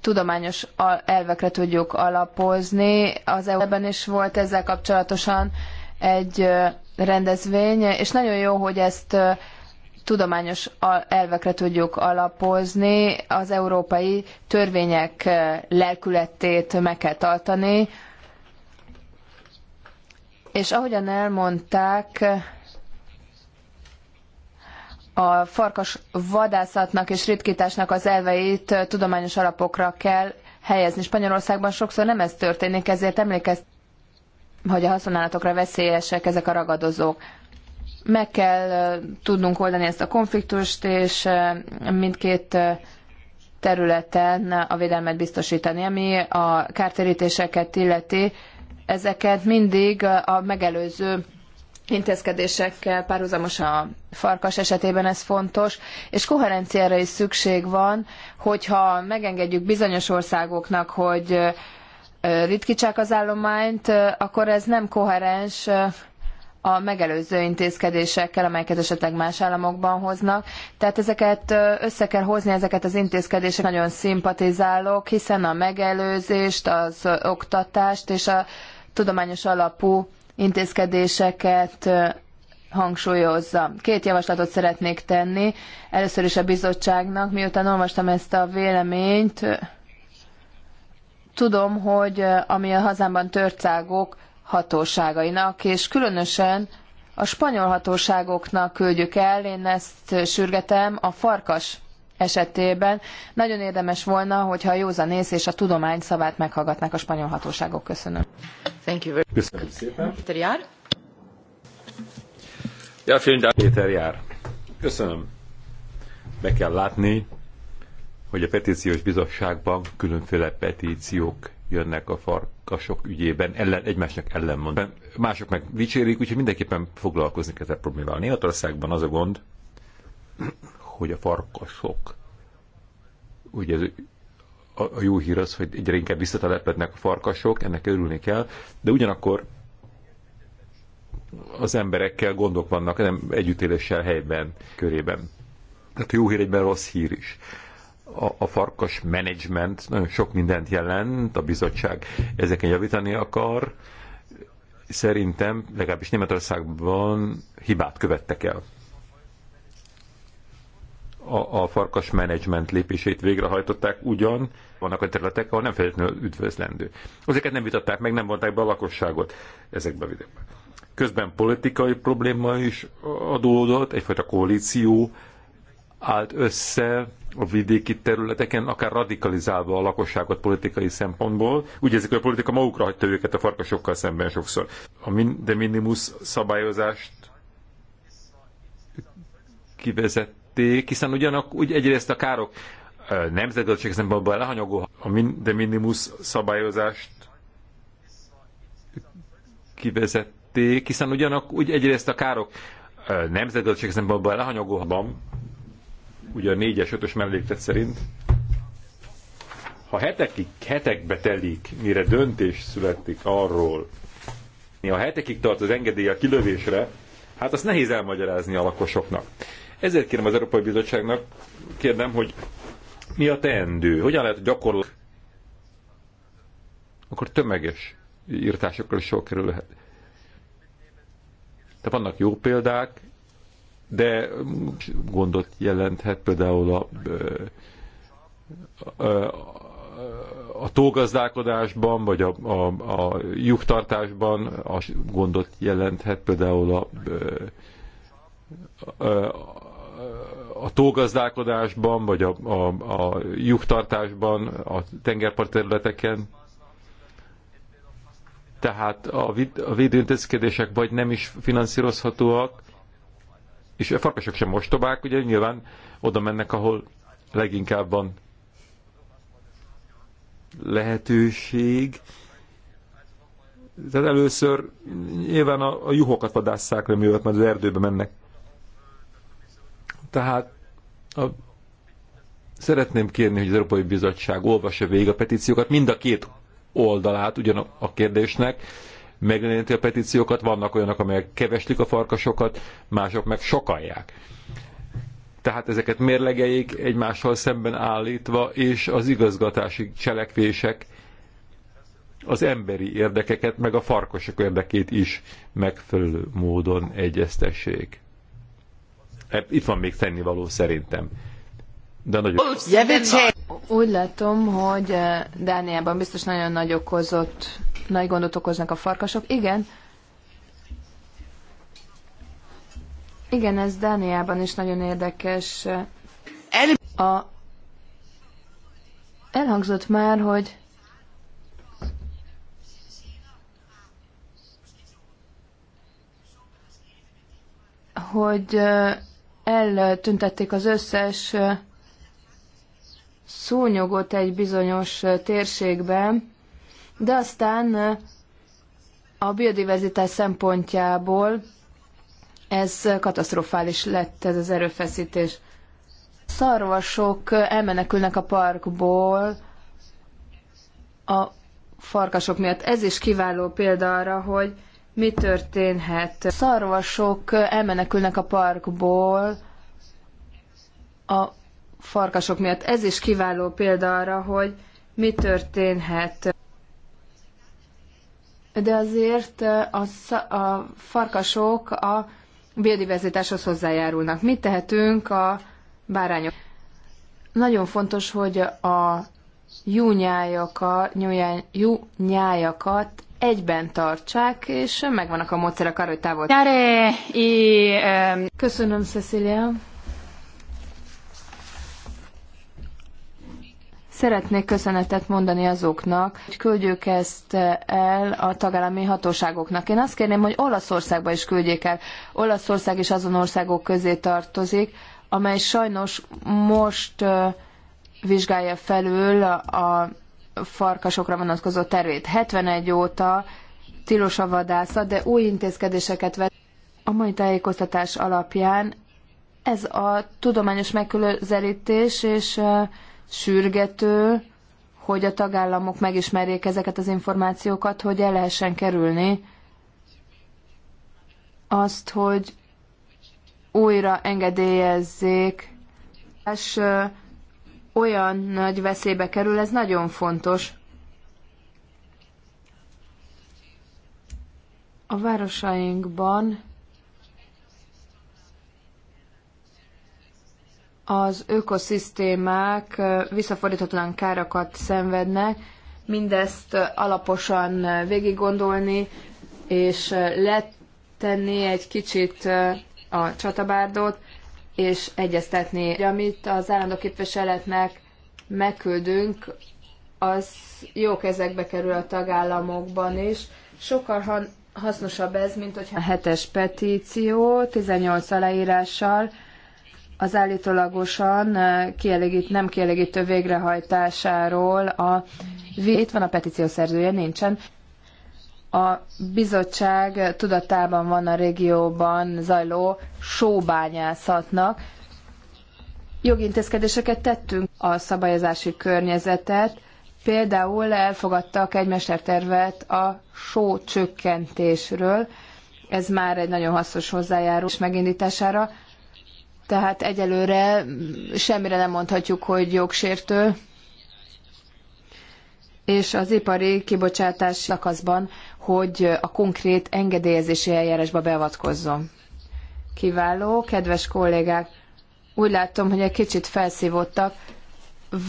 tudományos elvekre tudjuk alapozni. Az EU-ben is volt ezzel kapcsolatosan egy rendezvény, és nagyon jó, hogy ezt tudományos elvekre tudjuk alapozni, az európai törvények eh, lelkületét meg kell tartani, és ahogyan elmondták, a farkas vadászatnak és ritkításnak az elveit eh, tudományos alapokra kell helyezni. Spanyolországban sokszor nem ez történik, ezért emlékeztem, hogy a haszonállatokra veszélyesek ezek a ragadozók. Meg kell tudnunk oldani ezt a konfliktust, és mindkét területen a védelmet biztosítani, ami a kártérítéseket illeti. Ezeket mindig a megelőző intézkedésekkel párhuzamos a farkas esetében ez fontos, és koherenciára is szükség van, hogyha megengedjük bizonyos országoknak, hogy ritkítsák az állományt, akkor ez nem koherens a megelőző intézkedésekkel, amelyeket esetleg más államokban hoznak. Tehát ezeket össze kell hozni, ezeket az intézkedéseket nagyon szimpatizálok, hiszen a megelőzést, az oktatást és a tudományos alapú intézkedéseket hangsúlyozza. Két javaslatot szeretnék tenni. Először is a bizottságnak, miután olvastam ezt a véleményt, tudom, hogy ami a hazámban tört hatóságainak, és különösen a spanyol hatóságoknak küldjük el, én ezt sürgetem, a farkas esetében nagyon érdemes volna, hogyha a józan ész és a tudomány szavát meghallgatnák a spanyol hatóságok. Köszönöm. Thank you very Köszönöm szépen. Péter Jár. Ja, vielen Péter Jár. Köszönöm. Be kell látni, hogy a petíciós bizottságban különféle petíciók jönnek a farkasok ügyében, ellen, egymásnak ellenmond. Mások meg dicsérik, úgyhogy mindenképpen foglalkozni kell ezzel problémával. Németországban az a gond, hogy a farkasok, ugye ez, a, a jó hír az, hogy egyre inkább visszatelepednek a farkasok, ennek örülni kell, de ugyanakkor az emberekkel gondok vannak, nem együttéléssel helyben, körében. Tehát a jó hír egyben rossz hír is a, a farkas menedzsment nagyon sok mindent jelent, a bizottság ezeken javítani akar. Szerintem legalábbis Németországban hibát követtek el. A, a farkas menedzsment lépését végrehajtották ugyan, vannak a területek, ahol nem feltétlenül üdvözlendő. Ezeket nem vitatták meg, nem vonták be a lakosságot ezekbe a videókban. Közben politikai probléma is adódott, egyfajta koalíció állt össze, a vidéki területeken, akár radikalizálva a lakosságot politikai szempontból. Úgy érzik, hogy a politika magukra hagyta őket a farkasokkal szemben sokszor. A de minimus szabályozást kivezették, hiszen ugyanak úgy egyrészt a károk nemzetgazdaság szempontból lehanyagol a de minimus szabályozást kivezették, hiszen ugyanak úgy egyrészt a károk nemzetgazdaság szempontból elhanyagolhatóban ugye a 4-es, 5-ös szerint, ha hetekig, hetekbe telik, mire döntés születik arról, a hetekig tart az engedély a kilövésre, hát azt nehéz elmagyarázni a lakosoknak. Ezért kérem az Európai Bizottságnak, kérdem, hogy mi a teendő? Hogyan lehet gyakorlatilag? Akkor tömeges írtásokra is sok kerülhet. Tehát vannak jó példák, de gondot jelenthet például a, a, a tógazdálkodásban, vagy a, a, a juhtartásban a gondot jelenthet például a, a, a tógazdálkodásban, vagy a, a, a juhtartásban, a tengerpart területeken. Tehát a, a védőintézkedések vagy nem is finanszírozhatóak, és a farkasok sem mostobák, ugye nyilván oda mennek, ahol leginkább van lehetőség. Tehát először nyilván a, a juhokat vadásszák, le, mert az erdőbe mennek. Tehát a, szeretném kérni, hogy az Európai Bizottság olvassa végig a petíciókat, mind a két oldalát ugyan a kérdésnek, megjeleníteni a petíciókat, vannak olyanok, amelyek keveslik a farkasokat, mások meg sokalják. Tehát ezeket mérlegeljék egymással szemben állítva, és az igazgatási cselekvések az emberi érdekeket, meg a farkasok érdekét is megfelelő módon egyeztessék. E, itt van még tennivaló szerintem. De nagyon... Úgy látom, hogy eh, Dániában biztos nagyon nagy okozott, nagy gondot okoznak a farkasok. Igen, igen, ez Dániában is nagyon érdekes. A elhangzott már, hogy hogy eh, eltüntették az összes eh, szúnyogott egy bizonyos térségben, de aztán a biodiverzitás szempontjából ez katasztrofális lett ez az erőfeszítés. Szarvasok elmenekülnek a parkból a farkasok miatt. Ez is kiváló példa arra, hogy mi történhet. Szarvasok elmenekülnek a parkból a farkasok miatt. Ez is kiváló példa arra, hogy mi történhet. De azért a, a farkasok a biodiverzitáshoz hozzájárulnak. Mit tehetünk a bárányok? Nagyon fontos, hogy a jó nyájakat egyben tartsák, és megvannak a módszerek arra, hogy távol. Köszönöm, Cecilia. Szeretnék köszönetet mondani azoknak, hogy küldjük ezt el a tagállami hatóságoknak. Én azt kérném, hogy Olaszországba is küldjék el. Olaszország is azon országok közé tartozik, amely sajnos most vizsgálja felül a farkasokra vonatkozó tervét. 71 óta tilos a vadászat, de új intézkedéseket vett. A mai tájékoztatás alapján ez a tudományos megközelítés és sürgető, hogy a tagállamok megismerjék ezeket az információkat, hogy el lehessen kerülni azt, hogy újra engedélyezzék. És olyan nagy veszélybe kerül, ez nagyon fontos. A városainkban az ökoszisztémák visszafordíthatatlan károkat szenvednek, mindezt alaposan végiggondolni, és letenni egy kicsit a csatabárdot, és egyeztetni. Amit az állandó képviseletnek megküldünk, az jó kezekbe kerül a tagállamokban is. Sokkal hasznosabb ez, mint hogyha a hetes petíció 18 aláírással, az állítólagosan kielégít, nem kielégítő végrehajtásáról a itt van a petíció szerzője, nincsen. A bizottság tudatában van a régióban zajló sóbányászatnak. Jogintézkedéseket tettünk a szabályozási környezetet, például elfogadtak egy mestertervet a só csökkentésről, ez már egy nagyon hasznos hozzájárulás megindítására, tehát egyelőre semmire nem mondhatjuk, hogy jogsértő, és az ipari kibocsátás szakaszban, hogy a konkrét engedélyezési eljárásba beavatkozzon. Kiváló, kedves kollégák, úgy látom, hogy egy kicsit felszívottak.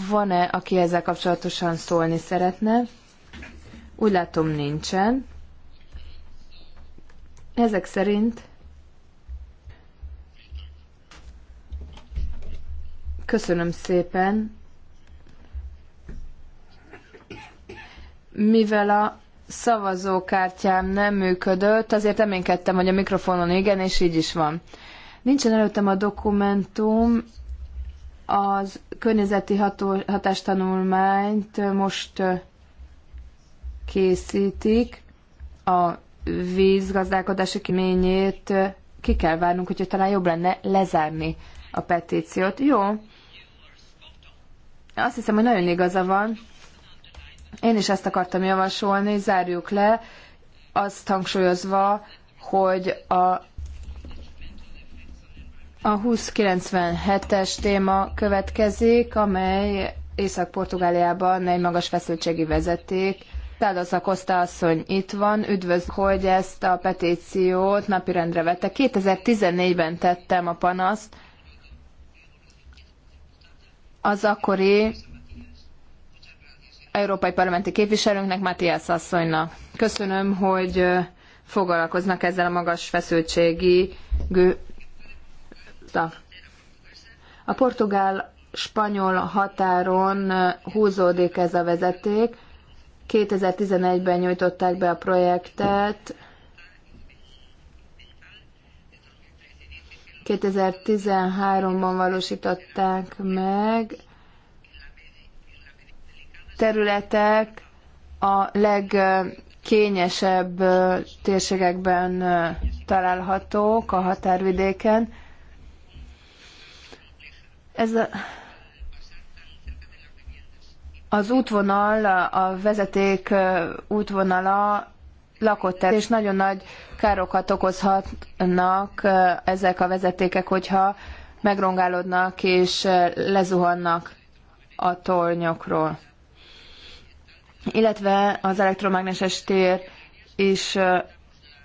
Van-e, aki ezzel kapcsolatosan szólni szeretne? Úgy látom, nincsen. Ezek szerint Köszönöm szépen. Mivel a szavazókártyám nem működött, azért reménykedtem, hogy a mikrofonon igen, és így is van. Nincsen előttem a dokumentum, az környezeti ható, hatástanulmányt most készítik, a vízgazdálkodási kiményét ki kell várnunk, hogyha talán jobb lenne lezárni a petíciót. Jó, azt hiszem, hogy nagyon igaza van. Én is ezt akartam javasolni, zárjuk le, azt hangsúlyozva, hogy a a 2097-es téma következik, amely Észak-Portugáliában egy magas feszültségi vezeték. Táldoza Costa asszony itt van, üdvözl, hogy ezt a petíciót napirendre vette. 2014-ben tettem a panaszt, az akkori európai parlamenti képviselőnknek, Matthias asszonynak. Köszönöm, hogy foglalkoznak ezzel a magas feszültségi gő... A portugál-spanyol határon húzódik ez a vezeték. 2011-ben nyújtották be a projektet, 2013-ban valósították meg. Területek a legkényesebb térségekben találhatók a határvidéken. Ez a, az útvonal, a vezeték útvonala lakott el, és nagyon nagy károkat okozhatnak ezek a vezetékek, hogyha megrongálódnak és lezuhannak a tornyokról. Illetve az elektromágneses tér is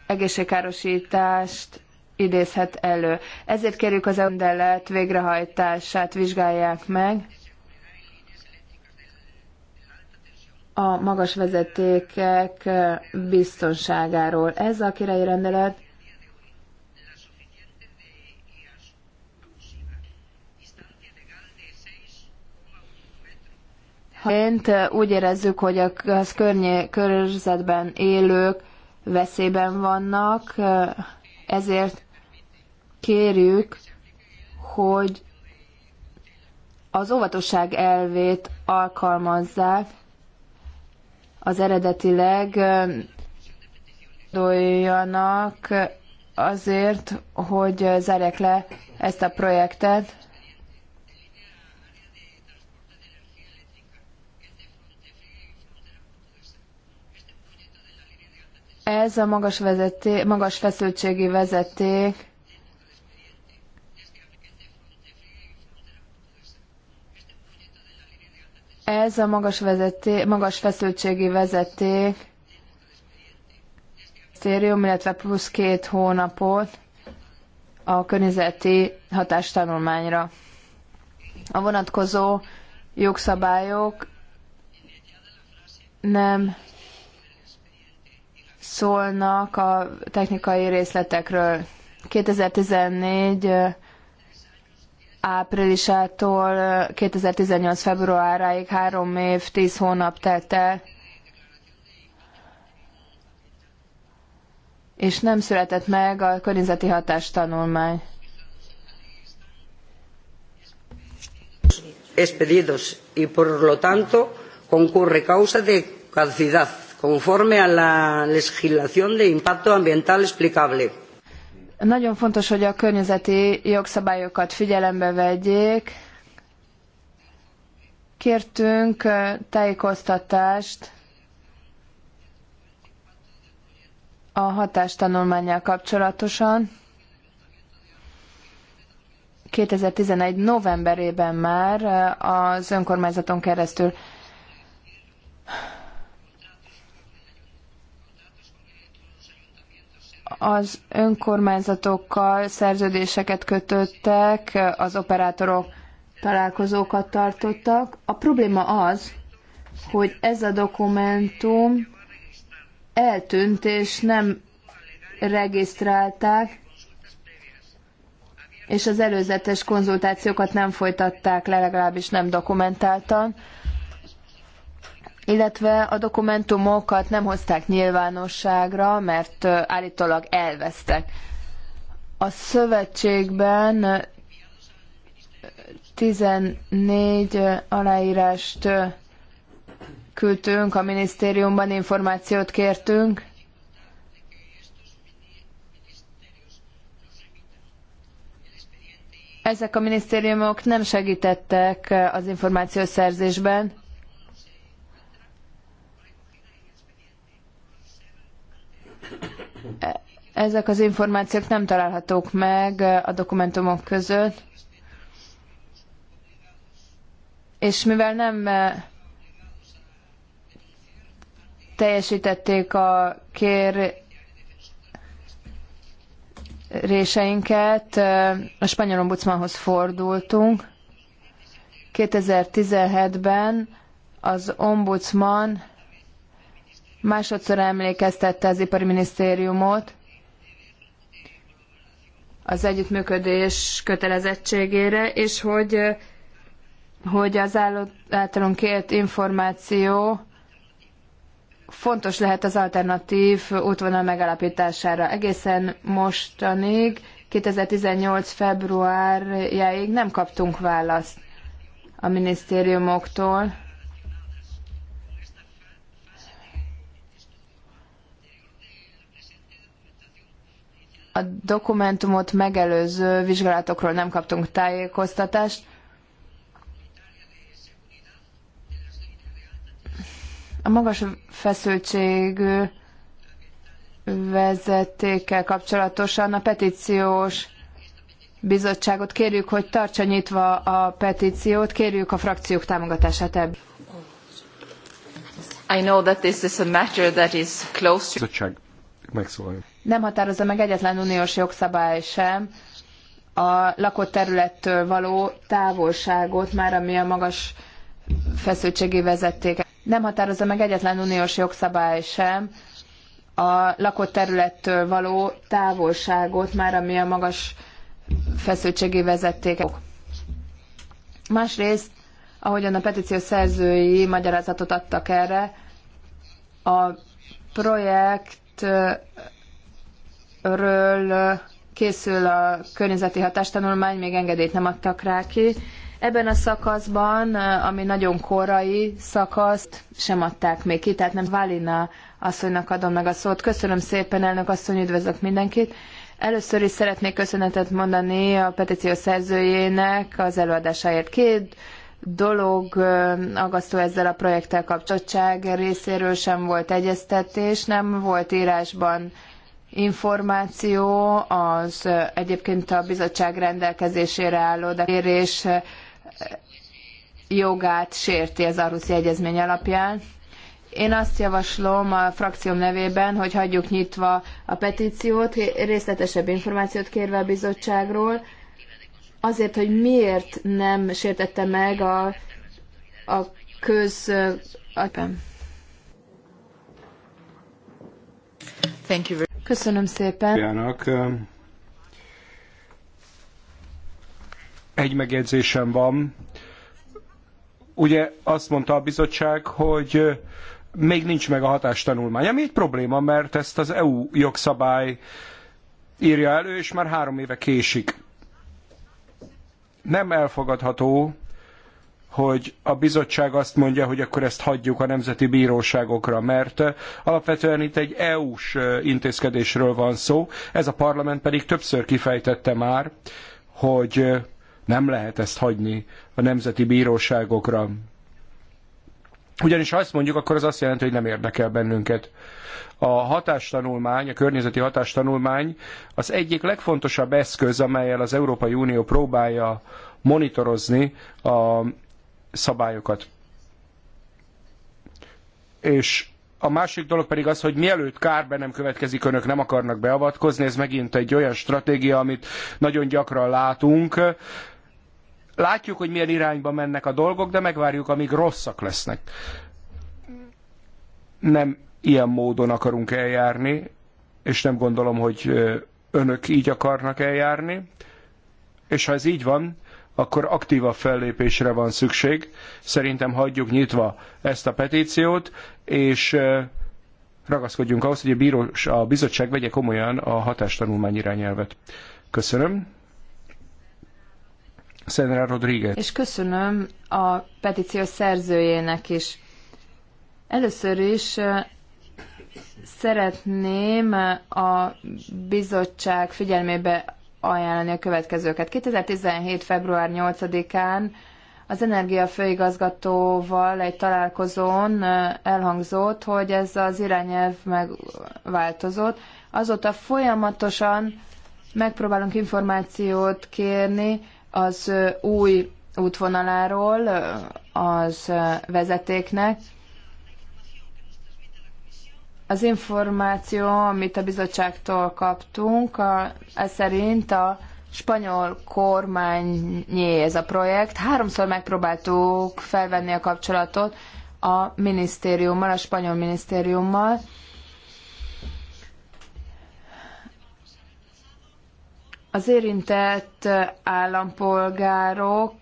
egészségkárosítást idézhet elő. Ezért kérjük az rendelet végrehajtását vizsgálják meg, a magas vezetékek biztonságáról. Ez a királyi rendelet Ként eh, úgy érezzük, hogy a környé, körzetben élők veszélyben vannak, eh, ezért kérjük, hogy az óvatosság elvét alkalmazzák, az eredetileg doljanak azért, hogy zárják le ezt a projektet. Ez a magas, vezeté, magas feszültségi vezeték Ez a magas, vezeté, magas feszültségi vezeték minisztérium, illetve plusz két hónapot a környezeti hatástanulmányra. A vonatkozó jogszabályok nem szólnak a technikai részletekről. 2014 áprilisától 2018. februáráig három év, tíz hónap telt el, és nem született meg a környezeti tanulmány. expedidos y por lo tanto concurre causa de caducidad conforme a la legislación de impacto ambiental explicable nagyon fontos, hogy a környezeti jogszabályokat figyelembe vegyék. Kértünk tájékoztatást a hatástanulmányjal kapcsolatosan. 2011. novemberében már az önkormányzaton keresztül az önkormányzatokkal szerződéseket kötöttek, az operátorok találkozókat tartottak. A probléma az, hogy ez a dokumentum eltűnt, és nem regisztrálták, és az előzetes konzultációkat nem folytatták le, legalábbis nem dokumentáltan illetve a dokumentumokat nem hozták nyilvánosságra, mert állítólag elvesztek. A szövetségben 14 aláírást küldtünk, a minisztériumban információt kértünk. Ezek a minisztériumok nem segítettek az információszerzésben. Ezek az információk nem találhatók meg a dokumentumok között, és mivel nem eh, teljesítették a kér réseinket, eh, a spanyol ombudsmanhoz fordultunk. 2017-ben az ombudsman másodszor emlékeztette az ipari minisztériumot, az együttműködés kötelezettségére, és hogy, hogy az általunk kért információ fontos lehet az alternatív útvonal megalapítására. Egészen mostanig, 2018. februárjáig nem kaptunk választ a minisztériumoktól a dokumentumot megelőző vizsgálatokról nem kaptunk tájékoztatást. A magas feszültség vezetékkel kapcsolatosan a petíciós bizottságot kérjük, hogy tartsa nyitva a petíciót, kérjük a frakciók támogatását ebben. I know that this is a matter that is close to megszólalni. Nem határozza meg egyetlen uniós jogszabály sem a lakott területtől való távolságot, már ami a magas feszültségi vezeték. Nem határozza meg egyetlen uniós jogszabály sem a lakott területtől való távolságot, már ami a magas feszültségi vezeték. Másrészt, ahogyan a petíció szerzői magyarázatot adtak erre, a projekt ről készül a környezeti hatástanulmány, még engedélyt nem adtak rá ki. Ebben a szakaszban, ami nagyon korai szakaszt, sem adták még ki, tehát nem Valina asszonynak adom meg a szót. Köszönöm szépen, elnök asszony, üdvözlök mindenkit. Először is szeretnék köszönetet mondani a petíció szerzőjének az előadásáért. Két dolog agasztó ezzel a projekttel kapcsolatság részéről sem volt egyeztetés, nem volt írásban információ az egyébként a bizottság rendelkezésére álló de kérés jogát sérti az Aruszi Egyezmény alapján. Én azt javaslom a frakcióm nevében, hogy hagyjuk nyitva a petíciót, részletesebb információt kérve a bizottságról, azért, hogy miért nem sértette meg a, a köz... Thank you very Köszönöm szépen. Jának. Egy megjegyzésem van. Ugye azt mondta a bizottság, hogy még nincs meg a hatástanulmány, ami egy probléma, mert ezt az EU jogszabály írja elő, és már három éve késik nem elfogadható, hogy a bizottság azt mondja, hogy akkor ezt hagyjuk a nemzeti bíróságokra, mert alapvetően itt egy EU-s intézkedésről van szó, ez a parlament pedig többször kifejtette már, hogy nem lehet ezt hagyni a nemzeti bíróságokra. Ugyanis ha ezt mondjuk, akkor az azt jelenti, hogy nem érdekel bennünket. A hatástanulmány, a környezeti hatástanulmány az egyik legfontosabb eszköz, amelyel az Európai Unió próbálja monitorozni a szabályokat. És a másik dolog pedig az, hogy mielőtt kár nem következik, önök nem akarnak beavatkozni, ez megint egy olyan stratégia, amit nagyon gyakran látunk, látjuk, hogy milyen irányba mennek a dolgok, de megvárjuk, amíg rosszak lesznek. Nem ilyen módon akarunk eljárni, és nem gondolom, hogy önök így akarnak eljárni, és ha ez így van, akkor aktívabb fellépésre van szükség. Szerintem hagyjuk nyitva ezt a petíciót, és ragaszkodjunk ahhoz, hogy a, bírós, a bizottság vegye komolyan a hatástanulmány irányelvet. Köszönöm. Szenra Rodríguez. És köszönöm a petíció szerzőjének is. Először is szeretném a bizottság figyelmébe ajánlani a következőket. 2017. február 8-án az Energia főigazgatóval egy találkozón elhangzott, hogy ez az irányelv megváltozott. Azóta folyamatosan megpróbálunk információt kérni az új útvonaláról az vezetéknek. Az információ, amit a bizottságtól kaptunk, a, ez szerint a spanyol kormányé ez a projekt. Háromszor megpróbáltuk felvenni a kapcsolatot a minisztériummal, a spanyol minisztériummal, Az érintett állampolgárok,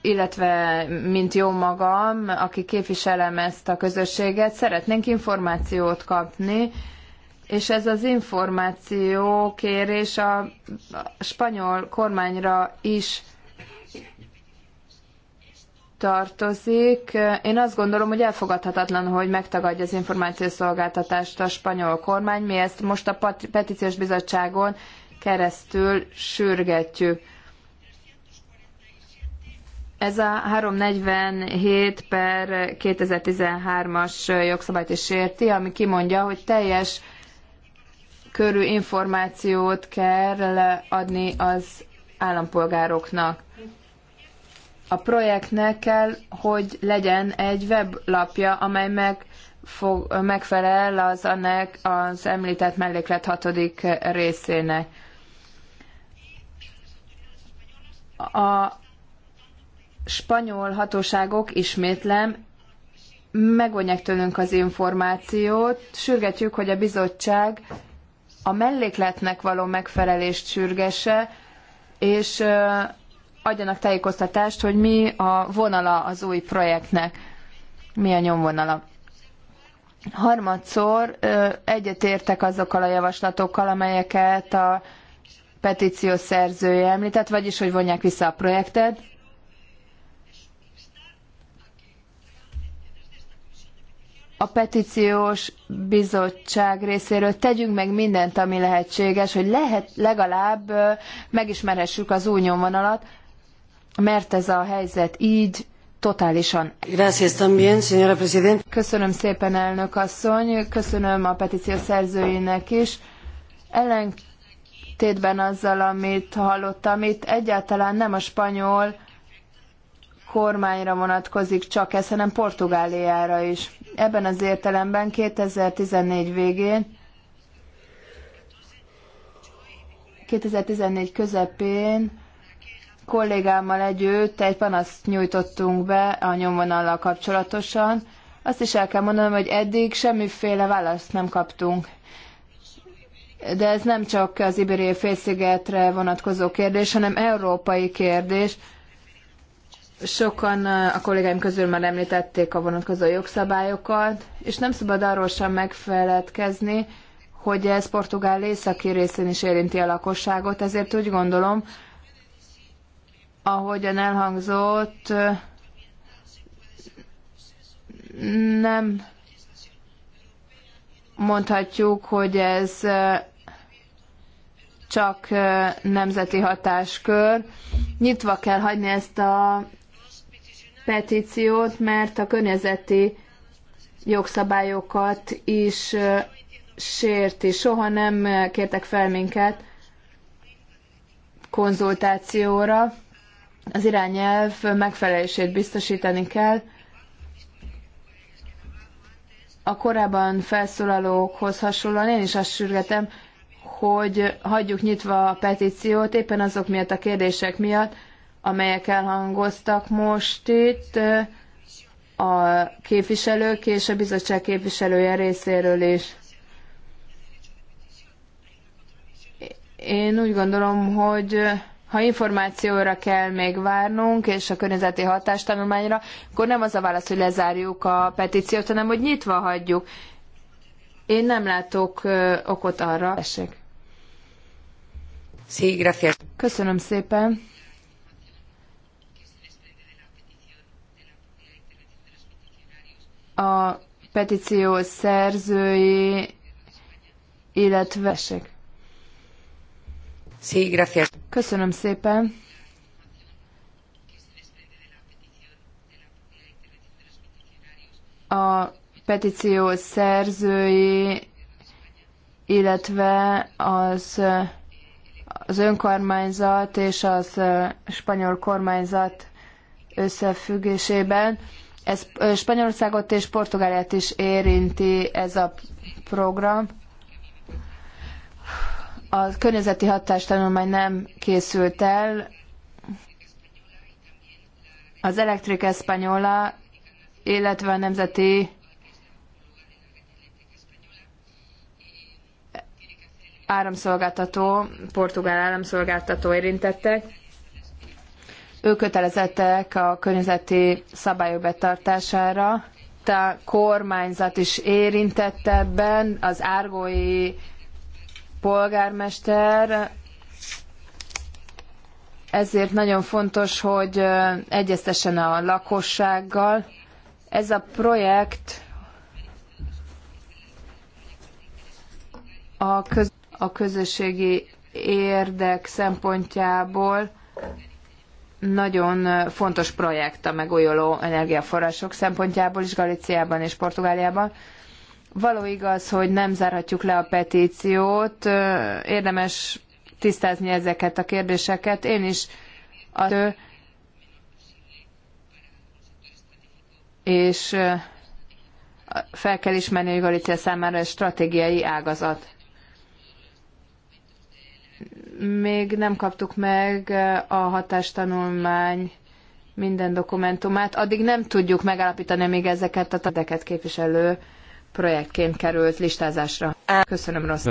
illetve mint jó magam, aki képviselem ezt a közösséget, szeretnénk információt kapni, és ez az információ kérés a spanyol kormányra is tartozik. Én azt gondolom, hogy elfogadhatatlan, hogy megtagadja az információszolgáltatást a spanyol kormány. Mi ezt most a petíciós bizottságon keresztül sürgetjük. Ez a 347 per 2013-as jogszabályt is érti, ami kimondja, hogy teljes körű információt kell adni az állampolgároknak. A projektnek kell, hogy legyen egy weblapja, amely meg fog, megfelel az annak az említett melléklet hatodik részének. a spanyol hatóságok, ismétlem, megvonják tőlünk az információt, sürgetjük, hogy a bizottság a mellékletnek való megfelelést sürgesse, és adjanak tájékoztatást, hogy mi a vonala az új projektnek, mi a nyomvonala. Harmadszor egyetértek azokkal a javaslatokkal, amelyeket a petíció szerzője említett, vagyis hogy vonják vissza a projektet. A petíciós bizottság részéről tegyünk meg mindent, ami lehetséges, hogy lehet legalább megismerhessük az új nyomvonalat, mert ez a helyzet így totálisan. Köszönöm szépen, elnök asszony, köszönöm a petíció szerzőinek is. Ellen ellentétben azzal, amit hallottam, itt egyáltalán nem a spanyol kormányra vonatkozik csak ez, hanem Portugáliára is. Ebben az értelemben 2014 végén 2014 közepén kollégámmal együtt egy panaszt nyújtottunk be a nyomvonallal kapcsolatosan. Azt is el kell mondanom, hogy eddig semmiféle választ nem kaptunk de ez nem csak az Ibériai félszigetre vonatkozó kérdés, hanem európai kérdés. Sokan a kollégáim közül már említették a vonatkozó jogszabályokat, és nem szabad arról sem megfeledkezni, hogy ez Portugál északi részén is érinti a lakosságot, ezért úgy gondolom, ahogyan elhangzott, nem mondhatjuk, hogy ez csak nemzeti hatáskör. Nyitva kell hagyni ezt a petíciót, mert a környezeti jogszabályokat is sérti. Soha nem kértek fel minket konzultációra. Az irányelv megfelelését biztosítani kell. A korábban felszólalókhoz hasonlóan én is azt sürgetem, hogy hagyjuk nyitva a petíciót éppen azok miatt a kérdések miatt, amelyek elhangoztak most itt eh, a képviselők és a bizottság képviselője részéről is. Én úgy gondolom, hogy eh, ha információra kell még várnunk, és a környezeti hatástanulmányra, akkor nem az a válasz, hogy lezárjuk a petíciót, hanem hogy nyitva hagyjuk. Én nem látok eh, okot arra. Esek. Sí, gracias. Köszönöm szépen. A petíció szerzői, illetve esek. Sí, gracias. Köszönöm szépen. A petíció szerzői, illetve az az önkormányzat és az spanyol kormányzat összefüggésében. Ez Spanyolországot és Portugáliát is érinti ez a program. A környezeti hatástanulmány nem készült el. Az Electric Española, illetve a Nemzeti áramszolgáltató, portugál áramszolgáltató érintettek. Ők kötelezettek a környezeti szabályok betartására. A kormányzat is érintett ebben, az árgói polgármester, ezért nagyon fontos, hogy egyeztessen a lakossággal. Ez a projekt a köz a közösségi érdek szempontjából nagyon fontos projekt a megújuló energiaforrások szempontjából is Galiciában és Portugáliában. Való igaz, hogy nem zárhatjuk le a petíciót, érdemes tisztázni ezeket a kérdéseket. Én is a és fel kell ismerni, hogy Galicia számára egy stratégiai ágazat még nem kaptuk meg a hatástanulmány minden dokumentumát, addig nem tudjuk megállapítani, még ezeket a tadeket képviselő projektként került listázásra. Köszönöm, Rossz.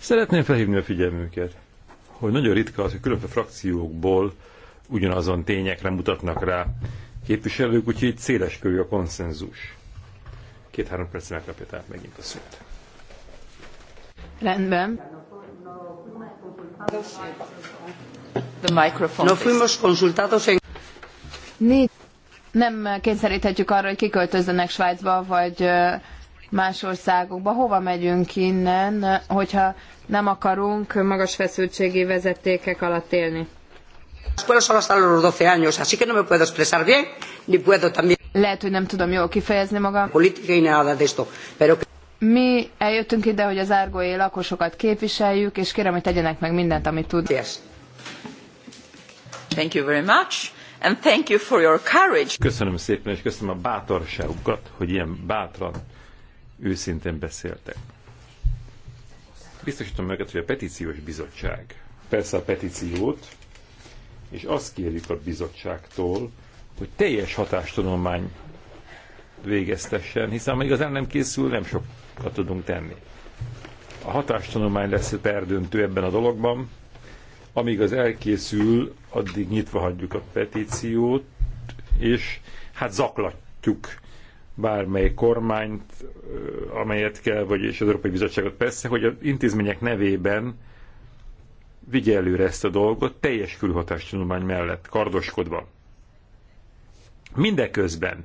Szeretném felhívni a figyelmüket, hogy nagyon ritka az, hogy különböző frakciókból ugyanazon tényekre mutatnak rá képviselők, úgyhogy széles körül a konszenzus. Két-három percre megkapja tehát megint a szót. Rendben. The microphone, no fuimos consultados en... Nem kényszeríthetjük arra, hogy kiköltözzenek Svájcba, vagy más országokba. Hova megyünk innen, hogyha nem akarunk magas feszültségi vezetékek alatt élni? Lehet, hogy nem tudom jól kifejezni magam. Politikai nada de esto, pero mi eljöttünk ide, hogy az árgói lakosokat képviseljük, és kérem, hogy tegyenek meg mindent, amit tud. Yes. Thank you very much. And thank you for your courage. Köszönöm szépen, és köszönöm a bátorságukat, hogy ilyen bátran, őszintén beszéltek. Biztosítom őket, hogy a petíciós bizottság, persze a petíciót, és azt kérjük a bizottságtól, hogy teljes hatástudomány végeztessen, hiszen ha igazán nem készül, nem sok tudunk tenni. A hatástanulmány lesz perdöntő ebben a dologban. Amíg az elkészül, addig nyitva hagyjuk a petíciót, és hát zaklatjuk bármely kormányt, amelyet kell, vagy és az Európai Bizottságot persze, hogy az intézmények nevében vigye előre ezt a dolgot teljes külhatástanulmány mellett, kardoskodva. Mindeközben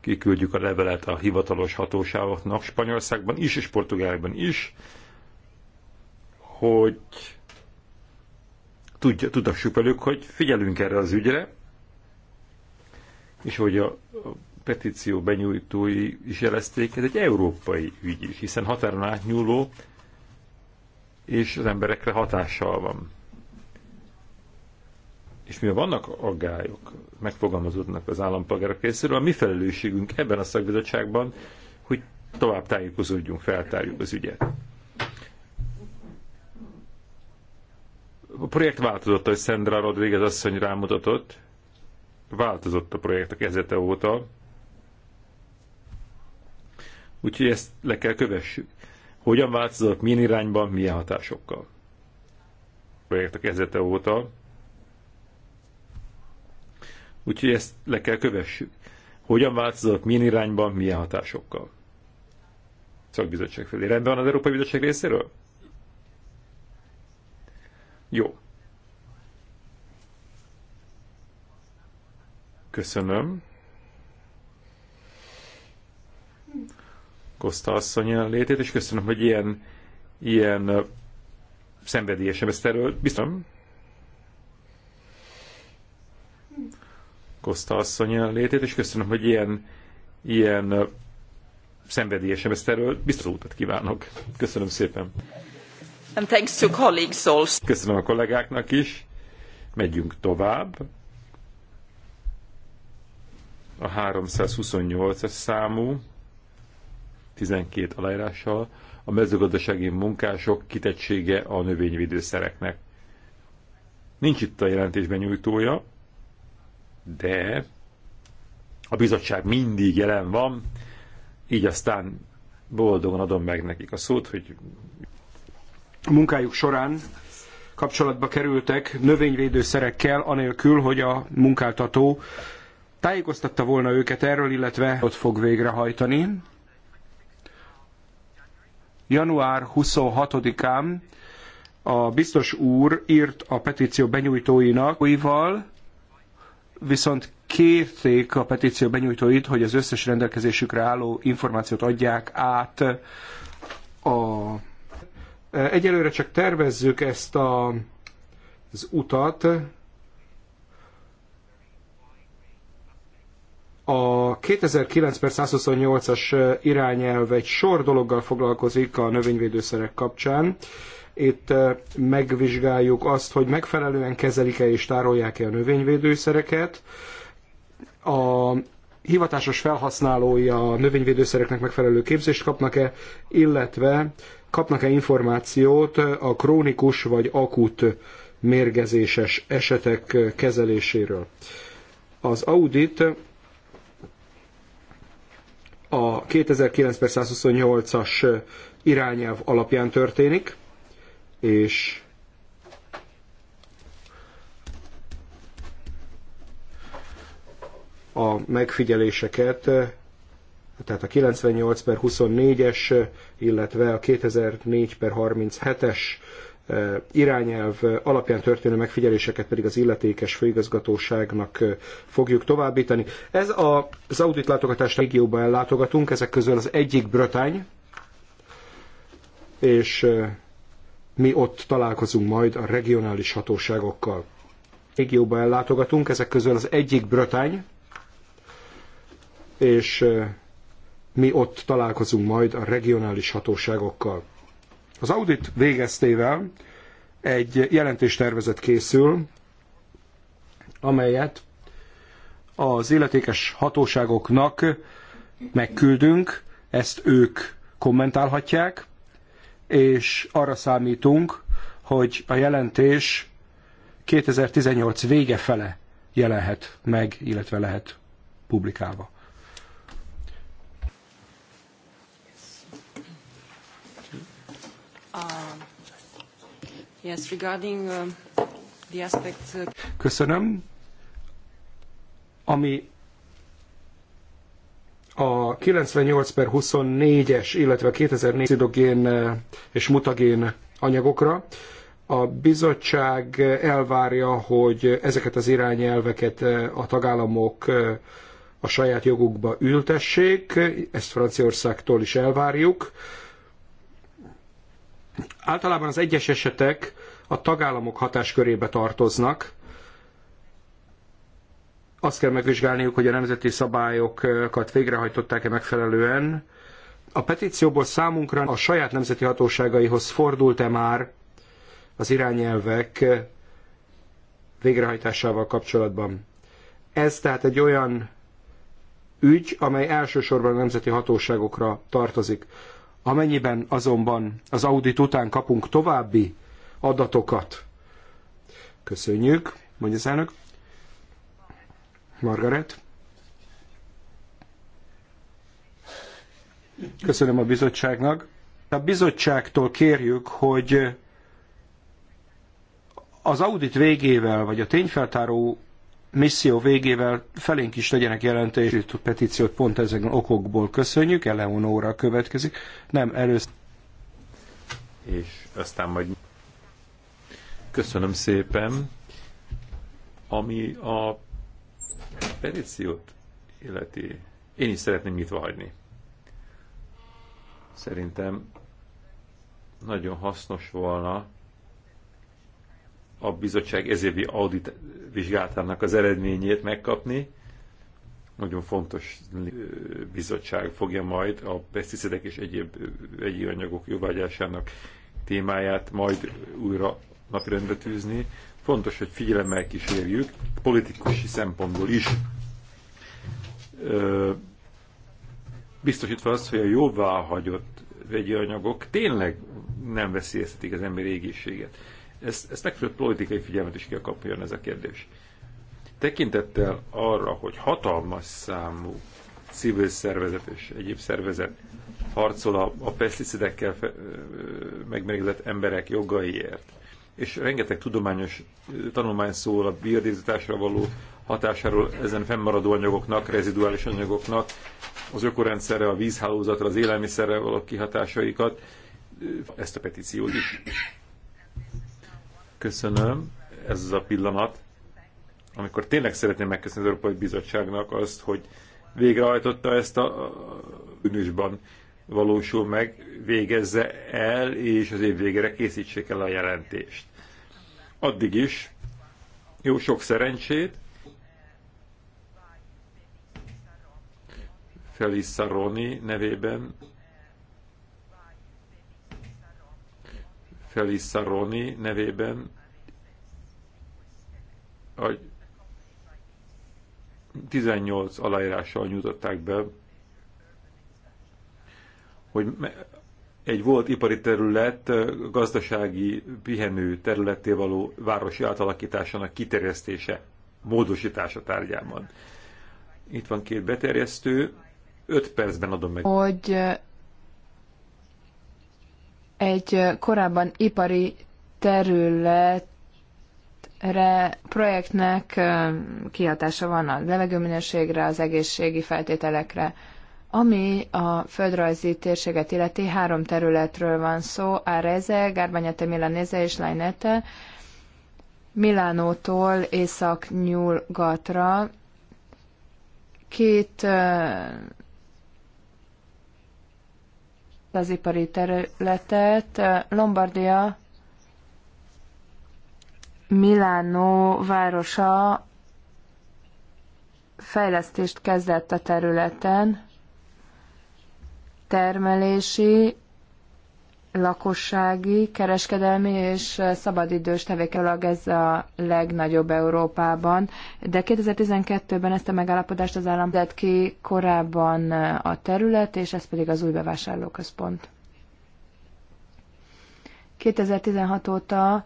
kiküldjük a levelet a hivatalos hatóságoknak Spanyolországban is és Portugáliában is, hogy tudja, tudassuk velük, hogy figyelünk erre az ügyre, és hogy a, a petíció benyújtói is jelezték, ez egy európai ügy is, hiszen határon átnyúló, és az emberekre hatással van és mivel vannak aggályok, megfogalmazódnak az állampolgárok részéről, a mi felelősségünk ebben a szakbizottságban, hogy tovább tájékozódjunk, feltárjuk az ügyet. A projekt változott, hogy Szendra Rodríguez asszony rámutatott. Változott a projekt a kezdete óta. Úgyhogy ezt le kell kövessük. Hogyan változott, milyen irányban, milyen hatásokkal. A projekt a kezdete óta Úgyhogy ezt le kell kövessük. Hogyan változott, milyen irányban, milyen hatásokkal. Szakbizottság felé. Rendben van az Európai Bizottság részéről? Jó. Köszönöm. Kosta asszony létét, és köszönöm, hogy ilyen, ilyen szenvedélyesen ezt erről. Biztosan Koszta asszony létét, és köszönöm, hogy ilyen, ilyen szenvedélyesen ezt erről biztos útat kívánok. Köszönöm szépen. And thanks to colleagues also. Köszönöm a kollégáknak is. Megyünk tovább. A 328-as számú 12 aláírással a mezőgazdasági munkások kitettsége a növényvédőszereknek. Nincs itt a jelentésben nyújtója, de a bizottság mindig jelen van, így aztán boldogan adom meg nekik a szót, hogy a munkájuk során kapcsolatba kerültek növényvédőszerekkel, anélkül, hogy a munkáltató tájékoztatta volna őket erről, illetve ott fog végrehajtani. Január 26-án a biztos úr írt a petíció benyújtóinak, viszont kérték a petíció benyújtóit, hogy az összes rendelkezésükre álló információt adják át a... Egyelőre csak tervezzük ezt a, az utat. A 2009 per 128-as irányelv egy sor dologgal foglalkozik a növényvédőszerek kapcsán itt eh, megvizsgáljuk azt, hogy megfelelően kezelik-e és tárolják-e a növényvédőszereket. A hivatásos felhasználói a növényvédőszereknek megfelelő képzést kapnak-e, illetve kapnak-e információt a krónikus vagy akut mérgezéses esetek kezeléséről. Az audit a 2009 128-as irányelv alapján történik, és a megfigyeléseket, tehát a 98 per 24-es, illetve a 2004 per 37-es eh, irányelv alapján történő megfigyeléseket pedig az illetékes főigazgatóságnak eh, fogjuk továbbítani. Ez a, az auditlátogatás régióba ellátogatunk, ezek közül az egyik Brötány, és eh, mi ott találkozunk majd a regionális hatóságokkal. Régióba ellátogatunk, ezek közül az egyik Brötány, és mi ott találkozunk majd a regionális hatóságokkal. Az audit végeztével egy jelentéstervezet készül, amelyet az illetékes hatóságoknak megküldünk, ezt ők kommentálhatják, és arra számítunk, hogy a jelentés 2018 vége fele jelenhet meg, illetve lehet publikálva. Uh, yes, regarding uh, the aspect... Uh, Köszönöm. Ami a 98 per 24-es, illetve a 2004 szidogén eh, és mutagén anyagokra. A bizottság elvárja, hogy ezeket az irányelveket eh, a tagállamok eh, a saját jogukba ültessék, ezt Franciaországtól is elvárjuk. Általában az egyes esetek a tagállamok hatáskörébe tartoznak, azt kell megvizsgálniuk, hogy a nemzeti szabályokat végrehajtották-e megfelelően. A petícióból számunkra a saját nemzeti hatóságaihoz fordult-e már az irányelvek végrehajtásával kapcsolatban. Ez tehát egy olyan ügy, amely elsősorban a nemzeti hatóságokra tartozik. Amennyiben azonban az audit után kapunk további adatokat, köszönjük, mondja az elnök, Margaret. Köszönöm a bizottságnak. A bizottságtól kérjük, hogy az audit végével, vagy a tényfeltáró misszió végével felénk is tegyenek jelentést, petíciót pont ezek okokból köszönjük, Eleonóra következik. Nem, először. És aztán majd... Köszönöm szépen. Ami a petíciót illeti, én is szeretném nyitva hagyni. Szerintem nagyon hasznos volna a bizottság ezévi audit vizsgálatának az eredményét megkapni. Nagyon fontos bizottság fogja majd a pesticidek és egyéb vegyi anyagok jóvágyásának témáját majd újra napirendre tűzni fontos, hogy figyelemmel kísérjük, politikusi szempontból is biztosítva azt, hogy a jóváhagyott vegyi anyagok tényleg nem veszélyeztetik az emberi égészséget. Ezt, ezt megfelelő politikai figyelmet is kell kapjon ez a kérdés. Tekintettel arra, hogy hatalmas számú civil szervezet és egyéb szervezet harcol a, a peszticidekkel megmérgezett emberek jogaiért, és rengeteg tudományos tanulmány szól a biodiverzitásra való hatásáról ezen fennmaradó anyagoknak, reziduális anyagoknak, az ökorendszerre, a vízhálózatra, az élelmiszerre való kihatásaikat, ezt a petíciót is. Köszönöm, ez az a pillanat, amikor tényleg szeretném megköszönni az Európai Bizottságnak azt, hogy végrehajtotta ezt a bűnösban valósul meg, végezze el, és az év végére készítsék el a jelentést. Addig is jó sok szerencsét. Felissa Roni nevében. Felissa Roni nevében. A 18 aláírással nyújtották be hogy egy volt ipari terület gazdasági pihenő területté való városi átalakításának kiterjesztése, módosítása tárgyában. Itt van két beterjesztő, öt percben adom meg. Hogy egy korábban ipari területre projektnek kihatása van a levegőminőségre, az egészségi feltételekre. Ami a földrajzi térséget illeti, három területről van szó, Áreze, Gárbanyate Milanese és Lainete, Milánótól észak nyúlgatra Két az ipari területet, Lombardia, Milánó városa fejlesztést kezdett a területen, termelési, lakossági, kereskedelmi és szabadidős tevékenység ez a legnagyobb Európában, de 2012-ben ezt a megállapodást az állam tett ki korábban a terület, és ez pedig az új bevásárlóközpont. 2016 óta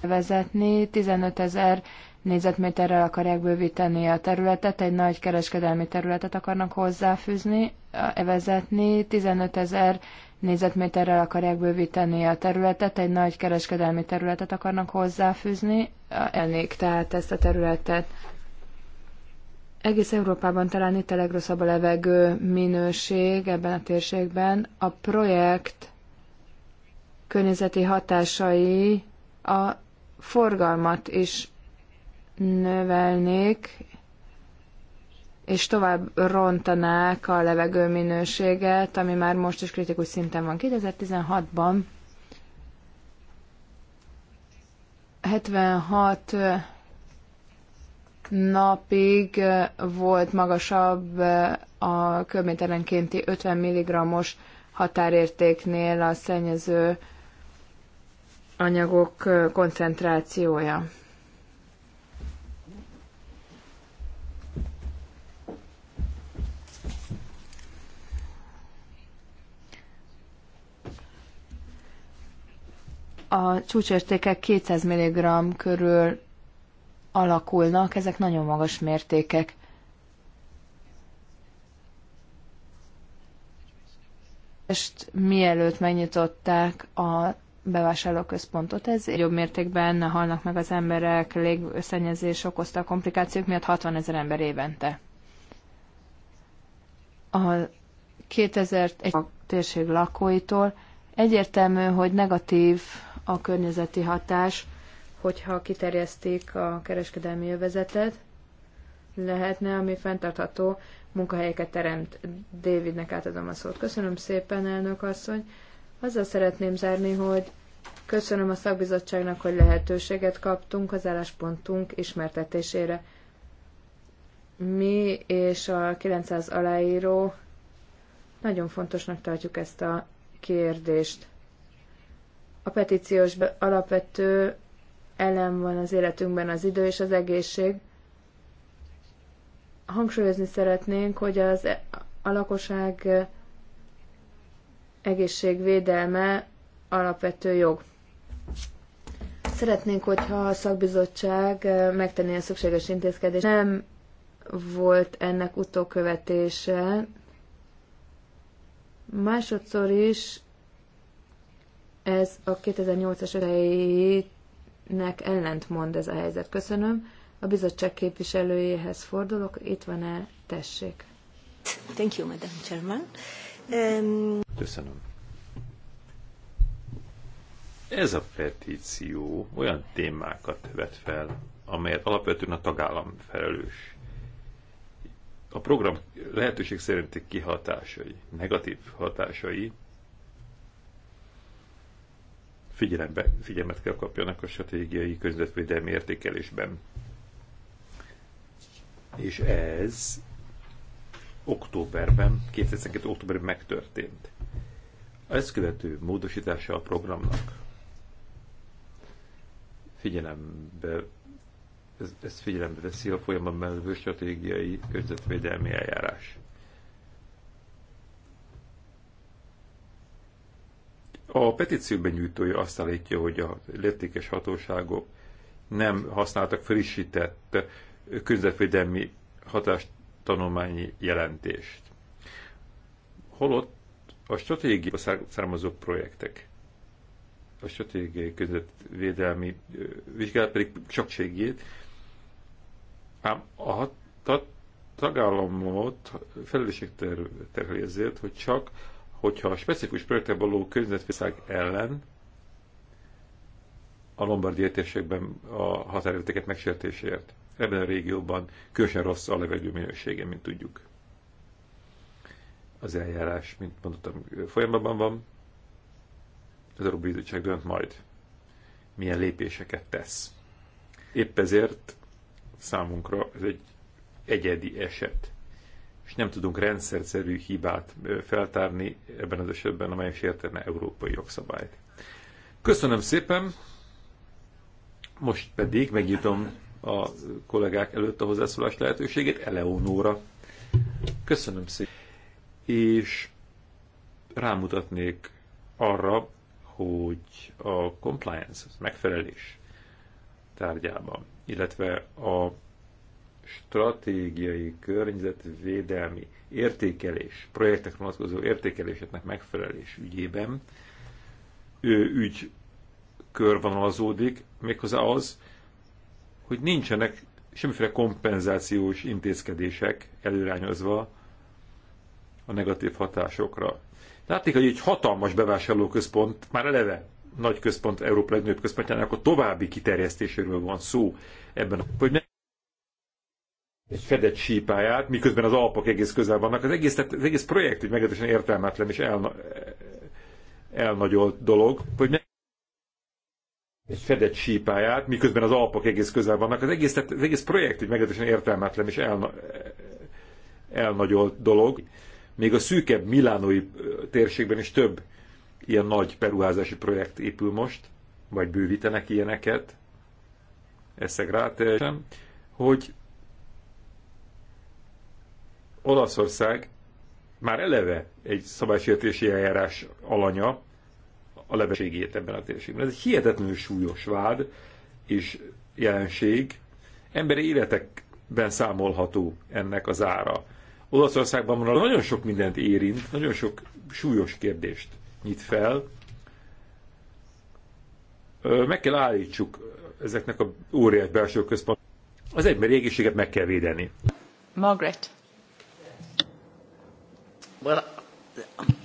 vezetni 15 ezer négyzetméterrel akarják bővíteni a területet, egy nagy kereskedelmi területet akarnak hozzáfűzni, evezetni, 15 ezer négyzetméterrel akarják bővíteni a területet, egy nagy kereskedelmi területet akarnak hozzáfűzni, elnék tehát ezt a területet. Egész Európában talán itt a legrosszabb a levegő minőség ebben a térségben. A projekt környezeti hatásai a forgalmat is növelnék, és tovább rontanák a levegő minőséget, ami már most is kritikus szinten van. 2016-ban 76 napig volt magasabb a köbméterenkénti 50 mg-os határértéknél a szennyező anyagok koncentrációja. a csúcsértékek 200 mg körül alakulnak, ezek nagyon magas mértékek. És mielőtt megnyitották a bevásárlóközpontot, ez jobb mértékben halnak meg az emberek, légszennyezés okozta a komplikációk miatt 60 ezer ember évente. A 2001 térség lakóitól egyértelmű, hogy negatív a környezeti hatás, hogyha kiterjeszték a kereskedelmi övezetet, lehetne, ami fenntartható munkahelyeket teremt. Davidnek átadom a szót. Köszönöm szépen, elnök asszony. Azzal szeretném zárni, hogy köszönöm a szakbizottságnak, hogy lehetőséget kaptunk az álláspontunk ismertetésére. Mi és a 900 aláíró nagyon fontosnak tartjuk ezt a kérdést. A petíciós alapvető elem van az életünkben az idő és az egészség. Hangsúlyozni szeretnénk, hogy az, e- a lakosság e- egészségvédelme alapvető jog. Szeretnénk, hogyha a szakbizottság e- megtenné a szükséges intézkedést. Nem volt ennek utókövetése. Másodszor is ez a 2008-as elejének mond ez a helyzet. Köszönöm. A bizottság képviselőjéhez fordulok. Itt van-e? Tessék. Thank you, Madam Chairman. Um... Köszönöm. Ez a petíció olyan témákat vet fel, amelyet alapvetően a tagállam felelős. A program lehetőség szerinti kihatásai, negatív hatásai figyelembe, figyelmet kell kapjanak a stratégiai környezetvédelmi értékelésben. És ez októberben, 2012. októberben megtörtént. Ez követő módosítása a programnak figyelembe ez, ez figyelembe veszi a folyamatban levő stratégiai környezetvédelmi eljárás A petíció benyújtója azt állítja, hogy a léptékes hatóságok nem használtak frissített közvetvédelmi hatástanulmányi jelentést. Holott a stratégiai származó projektek, a stratégiai közvetvédelmi vizsgálat pedig csak segít, ám a tagállamot felelősség terheli ezért, hogy csak hogyha a specifikus projektre való környezetviszág ellen a Lombardi értésekben a határértéket megsértéséért. Ebben a régióban különösen rossz a levegő minősége, mint tudjuk. Az eljárás, mint mondottam, folyamatban van. Az Európai Bizottság dönt majd, milyen lépéseket tesz. Épp ezért számunkra ez egy egyedi eset és nem tudunk rendszerszerű hibát feltárni ebben az esetben, amely sértene európai jogszabályt. Köszönöm szépen, most pedig megnyitom a kollégák előtt a hozzászólás lehetőségét, Eleonóra. Köszönöm szépen. És rámutatnék arra, hogy a compliance, megfelelés tárgyában, illetve a stratégiai környezetvédelmi értékelés, projektek vonatkozó értékeléseknek megfelelés ügyében ő ügy körvonalazódik, méghozzá az, hogy nincsenek semmiféle kompenzációs intézkedések előrányozva a negatív hatásokra. Látni, hogy egy hatalmas bevásárlóközpont, már eleve nagy központ, Európa legnagyobb központjának a további kiterjesztéséről van szó ebben, hogy nem egy fedett sípáját, miközben az alpok egész közel vannak. Az egész, az egész projekt egy meglehetősen értelmetlen és elna, elnagyolt dolog, hogy egy fedett sípáját, miközben az alpok egész közel vannak. Az egész, az egész projekt egy meglehetősen értelmetlen és elna, elnagyolt dolog. Még a szűkebb milánói térségben is több ilyen nagy peruházási projekt épül most, vagy bővítenek ilyeneket. Eszeg rá hogy Olaszország már eleve egy szabálysértési eljárás alanya a leveségét ebben a térségben. Ez egy hihetetlenül súlyos vád és jelenség. Emberi életekben számolható ennek az ára. Olaszországban van nagyon sok mindent érint, nagyon sok súlyos kérdést nyit fel. Meg kell állítsuk ezeknek a óriás belső központ. Az emberi egészséget meg kell védeni. Margaret. Well,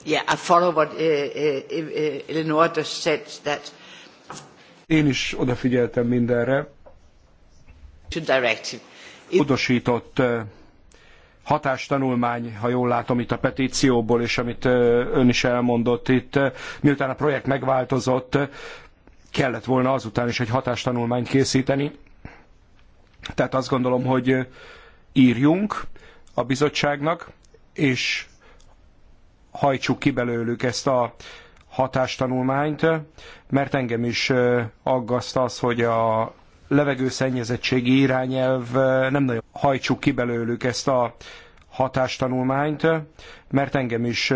yeah, I follow what uh, uh, uh, Eleanor just said that. Én is odafigyeltem mindenre. Udosított hatástanulmány, ha jól látom itt a petícióból, és amit ön is elmondott itt, miután a projekt megváltozott, kellett volna azután is egy hatástanulmányt készíteni. Tehát azt gondolom, hogy írjunk, a bizottságnak, és hajtsuk ki belőlük ezt a hatástanulmányt, mert engem is aggaszt az, hogy a levegőszennyezettségi irányelv nem nagyon hajtsuk ki belőlük ezt a hatástanulmányt, mert engem is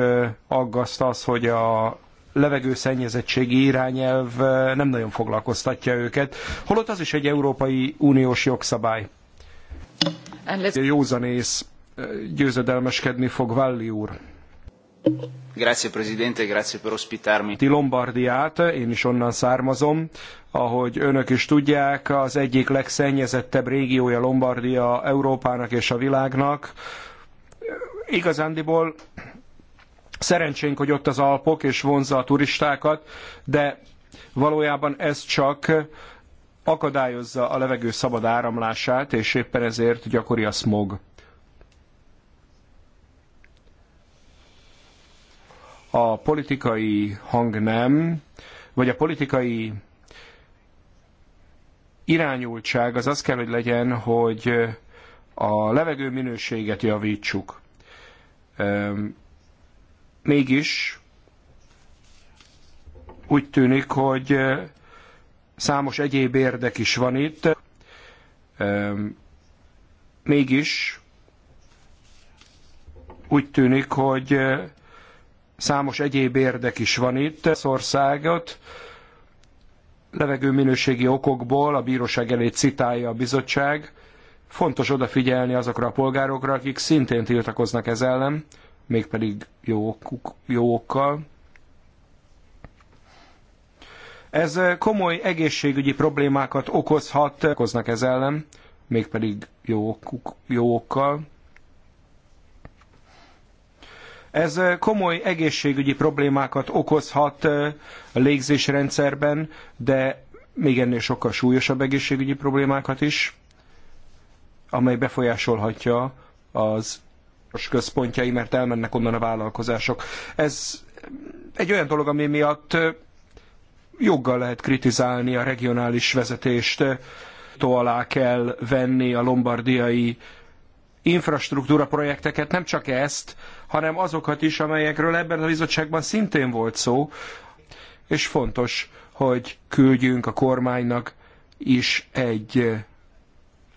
aggaszt az, hogy a levegőszennyezettségi irányelv nem nagyon foglalkoztatja őket, holott az is egy Európai Uniós jogszabály. Józanész győzedelmeskedni fog Valli úr. Grazie Presidente, grazie per ospitarmi. Ti Lombardiát, én is onnan származom. Ahogy önök is tudják, az egyik legszennyezettebb régiója Lombardia Európának és a világnak. Igazándiból szerencsénk, hogy ott az Alpok és vonzza a turistákat, de valójában ez csak akadályozza a levegő szabad áramlását, és éppen ezért gyakori a smog. a politikai hangnem, vagy a politikai irányultság az az kell, hogy legyen, hogy a levegő minőséget javítsuk. Mégis úgy tűnik, hogy számos egyéb érdek is van itt. Mégis úgy tűnik, hogy Számos egyéb érdek is van itt. Az országot levegőminőségi okokból a bíróság elé citálja a bizottság. Fontos odafigyelni azokra a polgárokra, akik szintén tiltakoznak ez ellen, mégpedig jó, jó okkal. Ez komoly egészségügyi problémákat okozhat, okoznak ez ellen, mégpedig jó, jó okkal. Ez komoly egészségügyi problémákat okozhat a légzésrendszerben, de még ennél sokkal súlyosabb egészségügyi problémákat is, amely befolyásolhatja az központjai, mert elmennek onnan a vállalkozások. Ez egy olyan dolog, ami miatt joggal lehet kritizálni a regionális vezetést, tó alá kell venni a lombardiai infrastruktúra projekteket, nem csak ezt, hanem azokat is, amelyekről ebben a bizottságban szintén volt szó, és fontos, hogy küldjünk a kormánynak is egy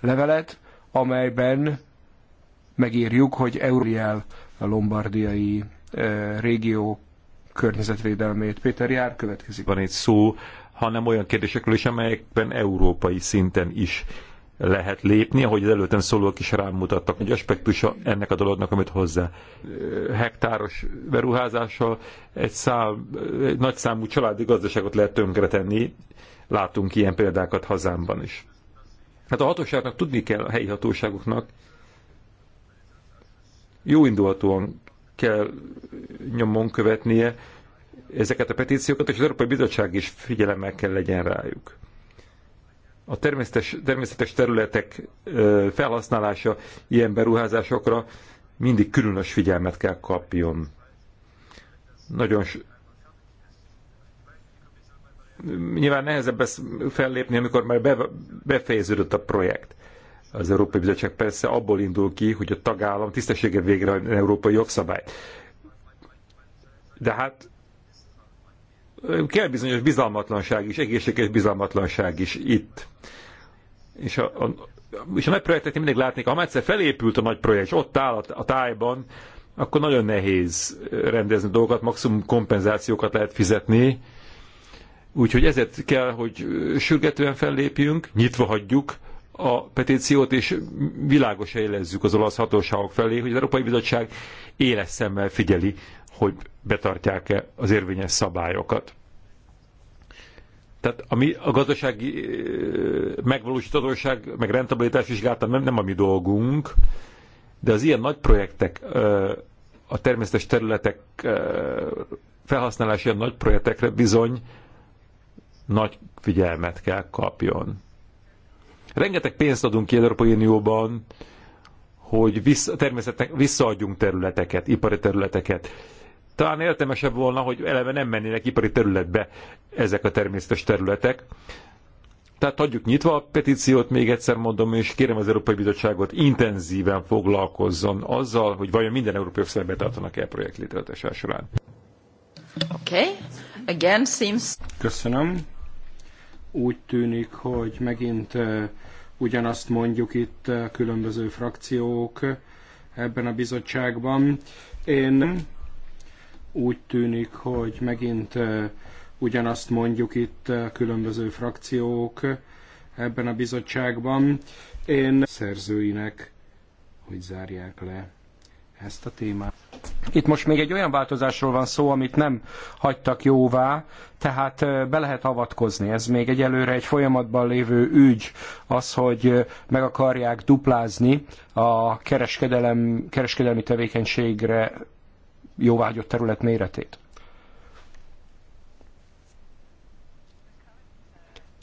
levelet, amelyben megírjuk, hogy Euriel a lombardiai régió környezetvédelmét. Péter Jár következik. Van itt szó, hanem olyan kérdésekről is, amelyekben európai szinten is lehet lépni, ahogy az előttem szólók is rám mutattak, egy aspektus ennek a dolognak, amit hozzá. Hektáros beruházással egy, szám, egy nagy számú családi gazdaságot lehet tönkretenni, látunk ilyen példákat hazámban is. Hát a hatóságnak tudni kell, a helyi hatóságoknak jó indulatúan kell nyomon követnie ezeket a petíciókat, és az Európai Bizottság is figyelemmel kell legyen rájuk a természetes, természetes területek felhasználása ilyen beruházásokra mindig különös figyelmet kell kapjon. Nagyon nyilván nehezebb ezt fellépni, amikor már befejeződött a projekt. Az Európai Bizottság persze abból indul ki, hogy a tagállam tisztessége végre az európai jogszabályt. De hát kell bizonyos bizalmatlanság is, egészséges bizalmatlanság is itt. És a, a, és a nagy projektet mindig látni, ha már egyszer felépült a nagy projekt, és ott áll a, a tájban, akkor nagyon nehéz rendezni dolgokat, maximum kompenzációkat lehet fizetni. Úgyhogy ezért kell, hogy sürgetően fellépjünk, nyitva hagyjuk a petíciót, és világosan élezzük az olasz hatóságok felé, hogy az Európai Bizottság éles szemmel figyeli hogy betartják-e az érvényes szabályokat. Tehát a, mi, a gazdasági megvalósíthatóság, meg rentabilitás vizsgálata nem, nem a mi dolgunk, de az ilyen nagy projektek, a természetes területek felhasználása ilyen nagy projektekre bizony nagy figyelmet kell kapjon. Rengeteg pénzt adunk ki Európai Unióban, hogy vissza, természetnek visszaadjunk területeket, ipari területeket talán értemesebb volna, hogy eleve nem mennének ipari területbe ezek a természetes területek. Tehát hagyjuk nyitva a petíciót, még egyszer mondom, és kérem az Európai Bizottságot intenzíven foglalkozzon azzal, hogy vajon minden európai ország betartanak-e a projekt létrehozása során. Okay. Again seems... Köszönöm. Úgy tűnik, hogy megint eh, ugyanazt mondjuk itt eh, különböző frakciók eh, ebben a bizottságban. Én úgy tűnik, hogy megint eh, ugyanazt mondjuk itt a eh, különböző frakciók eh, ebben a bizottságban. Én szerzőinek, hogy zárják le ezt a témát. Itt most még egy olyan változásról van szó, amit nem hagytak jóvá, tehát be lehet avatkozni. Ez még egyelőre egy folyamatban lévő ügy, az, hogy meg akarják duplázni a kereskedelem, kereskedelmi tevékenységre jóvágyott terület méretét.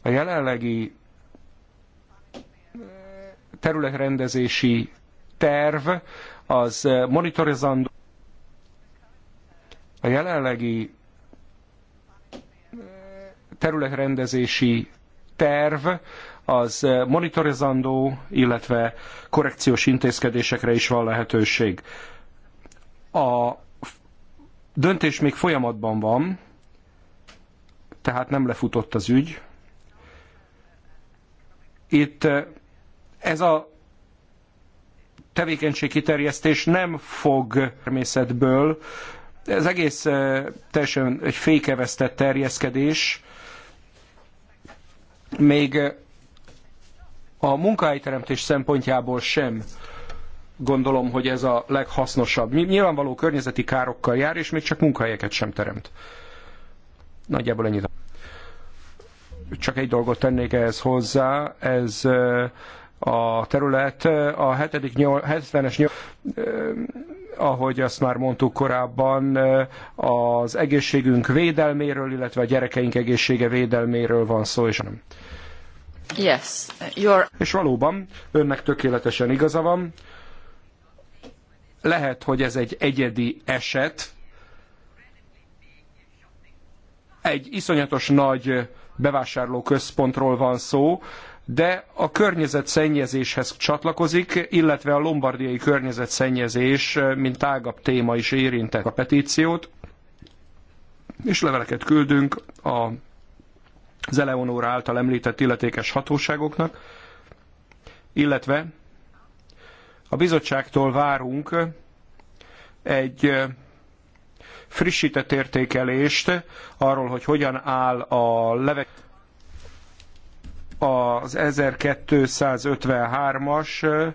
A jelenlegi eh, területrendezési terv az eh, monitorizandó. A jelenlegi eh, területrendezési terv az monitorizandó, illetve korrekciós intézkedésekre is van lehetőség. A döntés még folyamatban van, tehát nem lefutott az ügy. Itt eh, ez a tevékenység kiterjesztés nem fog természetből, ez egész eh, teljesen egy fékevesztett terjeszkedés, még eh, a munkahelyteremtés szempontjából sem gondolom, hogy ez a leghasznosabb. Nyilvánvaló környezeti károkkal jár, és még csak munkahelyeket sem teremt. Nagyjából ennyit. Csak egy dolgot tennék ehhez hozzá, ez a terület a 70-es, ahogy azt már mondtuk korábban, az egészségünk védelméről, illetve a gyerekeink egészsége védelméről van szó, és nem. Yes, you're... És valóban, önnek tökéletesen igaza van, lehet, hogy ez egy egyedi eset, egy iszonyatos nagy bevásárlóközpontról van szó, de a környezetszennyezéshez csatlakozik, illetve a lombardiai környezetszennyezés, mint tágabb téma is érintett a petíciót, és leveleket küldünk a az által említett illetékes hatóságoknak, illetve a bizottságtól várunk egy frissített értékelést arról, hogy hogyan áll a leve az 1253-as,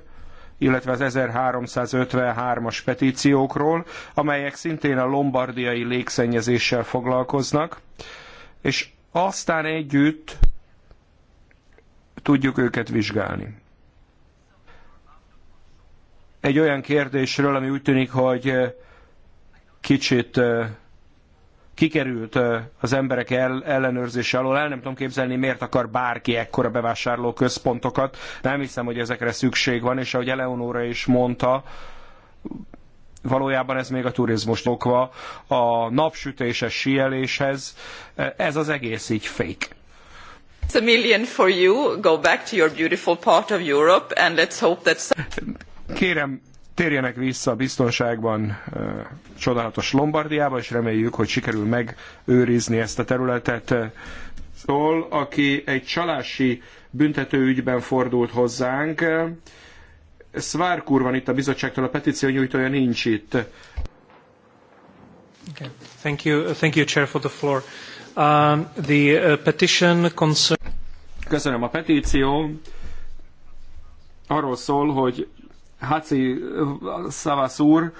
illetve az 1353-as petíciókról, amelyek szintén a lombardiai légszennyezéssel foglalkoznak, és aztán együtt tudjuk őket vizsgálni egy olyan kérdésről, ami úgy tűnik, hogy kicsit kikerült az emberek ellenőrzése alól. El nem tudom képzelni, miért akar bárki ekkora bevásárló központokat. Nem hiszem, hogy ezekre szükség van, és ahogy Eleonóra is mondta, valójában ez még a turizmus okva, a napsütéses síeléshez, ez az egész így fake. It's a million for you. Go back to your beautiful part of Europe, and let's hope that. Kérem, térjenek vissza a biztonságban csodálatos Lombardiába, és reméljük, hogy sikerül megőrizni ezt a területet. Szól, aki egy csalási büntetőügyben fordult hozzánk. Szvárkúr van itt a bizottságtól, a petíció nyújtója nincs itt. Okay. Thank you, thank you, Chair, for the floor. Um, the uh, petition concern... Köszönöm a petíció. Arról szól, hogy Haci Szavasz úr,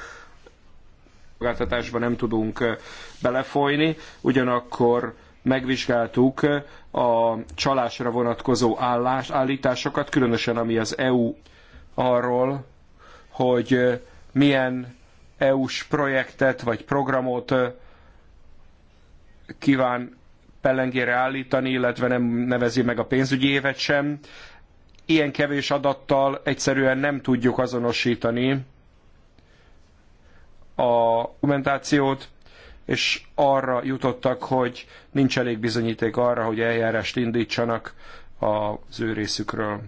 szolgáltatásba nem tudunk eh, belefolyni, ugyanakkor megvizsgáltuk eh, a csalásra vonatkozó állás, állításokat, különösen ami az EU arról, hogy eh, milyen EU-s projektet vagy programot kíván pellengére állítani, illetve nem nevezi meg a pénzügyi évet sem ilyen kevés adattal egyszerűen nem tudjuk azonosítani a dokumentációt, és arra jutottak, hogy nincs elég bizonyíték arra, hogy eljárást indítsanak az ő részükről.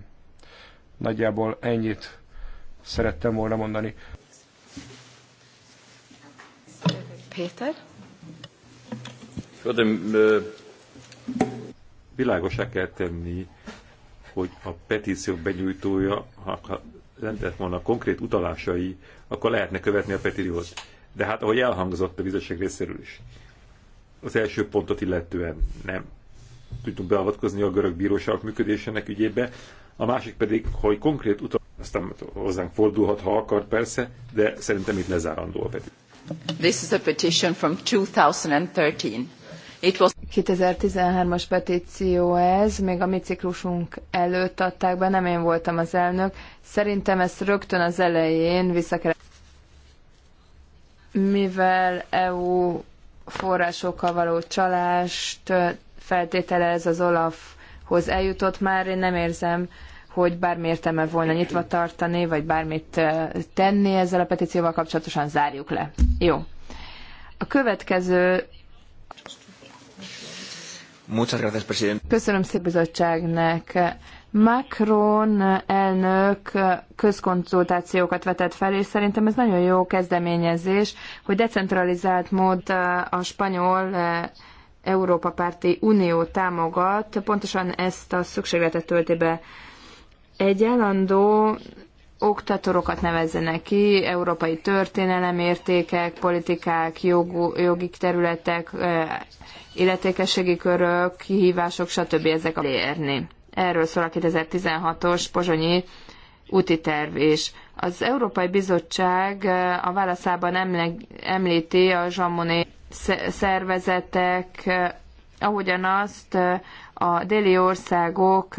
Nagyjából ennyit szerettem volna mondani. Péter? Földem, világosá kell tenni, hogy a petíció benyújtója, ha, lentett volna konkrét utalásai, akkor lehetne követni a petíciót. De hát, ahogy elhangzott a bizottság részéről is, az első pontot illetően nem tudtunk beavatkozni a görög bíróságok működésének ügyébe, a másik pedig, hogy konkrét utal, aztán hozzánk fordulhat, ha akar persze, de szerintem itt lezárandó a petíció. This is a petition from 2013. 2013-as petíció ez, még a mi ciklusunk előtt adták be, nem én voltam az elnök. Szerintem ezt rögtön az elején vissza kell. Mivel EU forrásokkal való csalást feltételez az Olafhoz eljutott már, én nem érzem, hogy bármi értelme volna nyitva tartani, vagy bármit tenni ezzel a petícióval kapcsolatosan, zárjuk le. Jó. A következő Muchas gracias, Köszönöm szépen bizottságnak. Macron elnök közkonzultációkat vetett fel, és szerintem ez nagyon jó kezdeményezés, hogy decentralizált mód eh, a spanyol eh, Európa Párti Unió támogat, pontosan ezt a szükségletet tölti be. Egy állandó oktatorokat nevezzenek ki, európai történelemértékek, politikák, jog, jogi területek, illetékességi körök, kihívások, stb. ezek a lérni. Erről szól a 2016-os pozsonyi úti terv is. Az Európai Bizottság a válaszában említi a zsamoné szervezetek, ahogyan azt a déli országok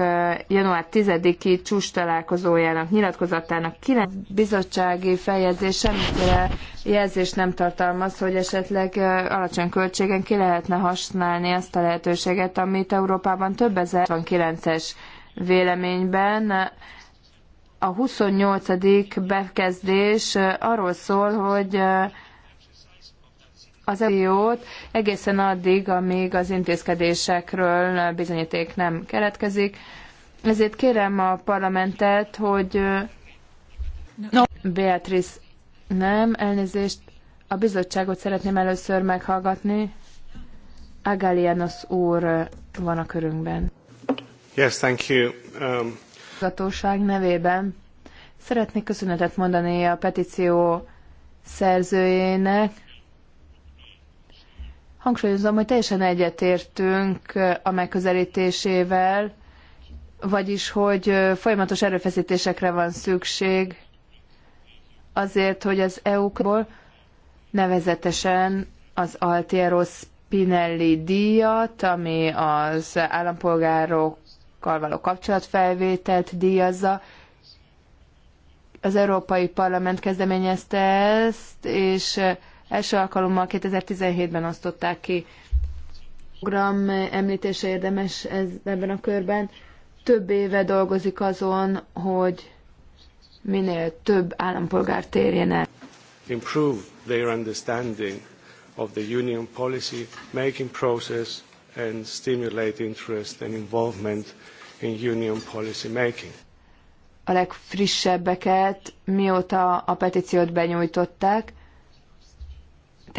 január 10-i csúcs találkozójának nyilatkozatának 9 bizottsági feljegyzés semmiféle jelzést nem tartalmaz, hogy esetleg alacsony költségen ki lehetne használni azt a lehetőséget, amit Európában több ezer van 9-es véleményben a 28. bekezdés arról szól, hogy az EU-t egészen addig, amíg az intézkedésekről bizonyíték nem keletkezik. Ezért kérem a parlamentet, hogy no. Beatrice, nem, elnézést, a bizottságot szeretném először meghallgatni. Agalianos úr van a körünkben. Yes, thank you. Um... nevében szeretnék köszönetet mondani a petíció szerzőjének, Hangsúlyozom, hogy teljesen egyetértünk a megközelítésével, vagyis, hogy folyamatos erőfeszítésekre van szükség azért, hogy az EU-ból nevezetesen az Altiero Spinelli díjat, ami az állampolgárokkal való kapcsolatfelvételt díjazza, az Európai Parlament kezdeményezte ezt, és Első alkalommal 2017-ben osztották ki. program említése érdemes ez, ebben a körben. Több éve dolgozik azon, hogy minél több állampolgár térjen el. Improve their understanding of the union policy making process and stimulate interest and involvement in union policy making a legfrissebbeket, mióta a petíciót benyújtották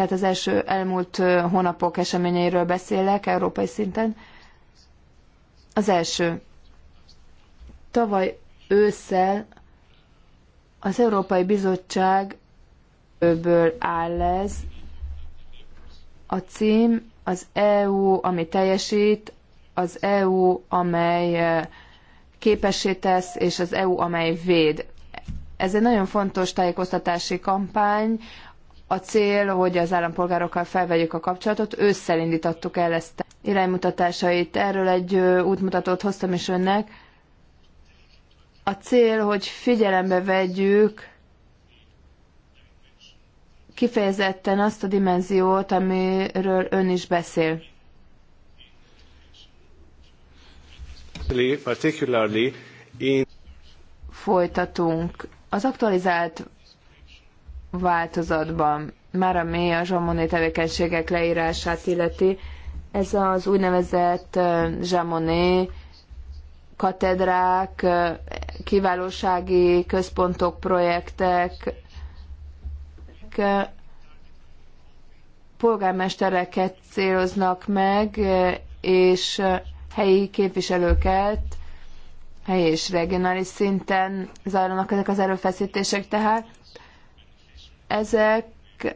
tehát az első elmúlt hónapok eseményeiről beszélek európai szinten. Az első. Tavaly ősszel az Európai Bizottság ből áll ez. A cím az EU, ami teljesít, az EU, amely képessé tesz, és az EU, amely véd. Ez egy nagyon fontos tájékoztatási kampány, a cél, hogy az állampolgárokkal felvegyük a kapcsolatot. Ősszel indítottuk el ezt iránymutatásait. Erről egy útmutatót hoztam is önnek. A cél, hogy figyelembe vegyük kifejezetten azt a dimenziót, amiről ön is beszél. Folytatunk. Az aktualizált változatban, már ami a zsamoni tevékenységek leírását illeti. Ez az úgynevezett zsamoni katedrák, kiválósági központok, projektek, polgármestereket céloznak meg, és helyi képviselőket, helyi és regionális szinten zajlanak ezek az erőfeszítések tehát. Ezek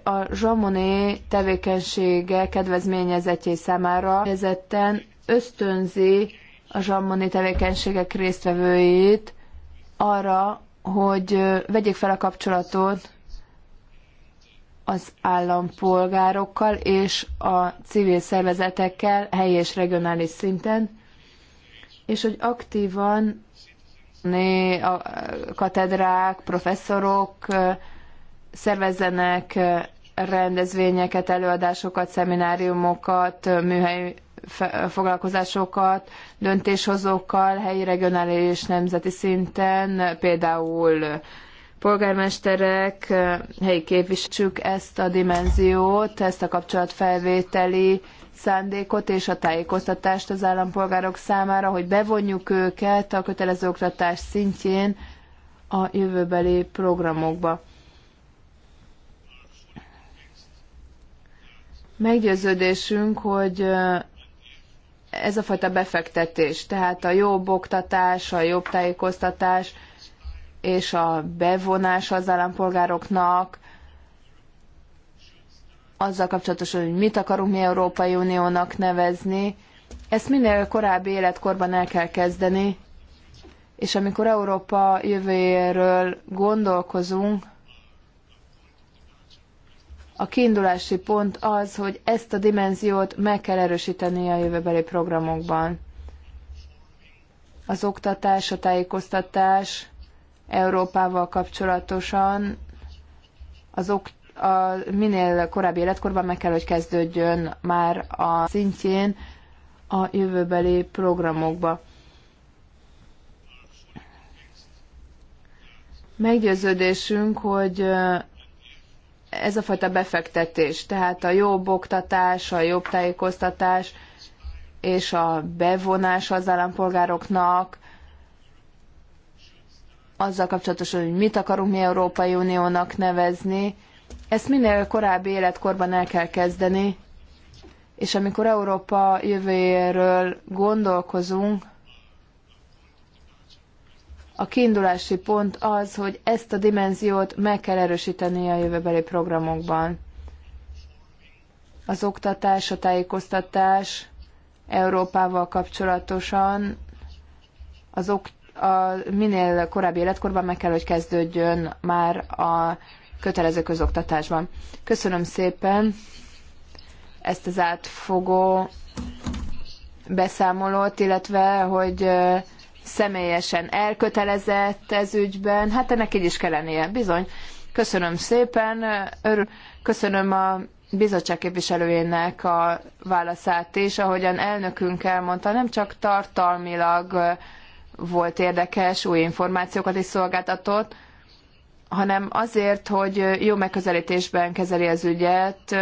a zsamoné tevékenysége kedvezményezetjei számára vezetten ösztönzi a zsamoné tevékenységek résztvevőit arra, hogy vegyék fel a kapcsolatot az állampolgárokkal és a civil szervezetekkel helyi és regionális szinten, és hogy aktívan a katedrák, professzorok, szervezzenek rendezvényeket, előadásokat, szemináriumokat, műhely foglalkozásokat, döntéshozókkal, helyi, regionális, és nemzeti szinten, például polgármesterek, helyi képviselők ezt a dimenziót, ezt a kapcsolatfelvételi szándékot és a tájékoztatást az állampolgárok számára, hogy bevonjuk őket a kötelező oktatás szintjén a jövőbeli programokba. Meggyőződésünk, hogy ez a fajta befektetés, tehát a jobb oktatás, a jobb tájékoztatás és a bevonás az állampolgároknak, azzal kapcsolatosan, hogy mit akarunk mi Európai Uniónak nevezni, ezt minél korábbi életkorban el kell kezdeni, és amikor Európa jövőjéről gondolkozunk, a kiindulási pont az, hogy ezt a dimenziót meg kell erősíteni a jövőbeli programokban. Az oktatás, a tájékoztatás Európával kapcsolatosan az ok a minél korábbi életkorban meg kell, hogy kezdődjön már a szintjén a jövőbeli programokba. Meggyőződésünk, hogy ez a fajta befektetés, tehát a jobb oktatás, a jobb tájékoztatás és a bevonás az állampolgároknak, azzal kapcsolatosan, hogy mit akarunk mi Európai Uniónak nevezni, ezt minél korábbi életkorban el kell kezdeni, és amikor Európa jövőjéről gondolkozunk, a kiindulási pont az, hogy ezt a dimenziót meg kell erősíteni a jövőbeli programokban. Az oktatás, a tájékoztatás Európával kapcsolatosan az ok- a minél korábbi életkorban meg kell, hogy kezdődjön már a kötelező közoktatásban. Köszönöm szépen ezt az átfogó beszámolót, illetve hogy személyesen elkötelezett ez ügyben. Hát ennek így is kell lennie, bizony. Köszönöm szépen, örül, köszönöm a bizottság képviselőjének a válaszát is. Ahogyan elnökünk elmondta, nem csak tartalmilag volt érdekes, új információkat is szolgáltatott, hanem azért, hogy jó megközelítésben kezeli az ügyet.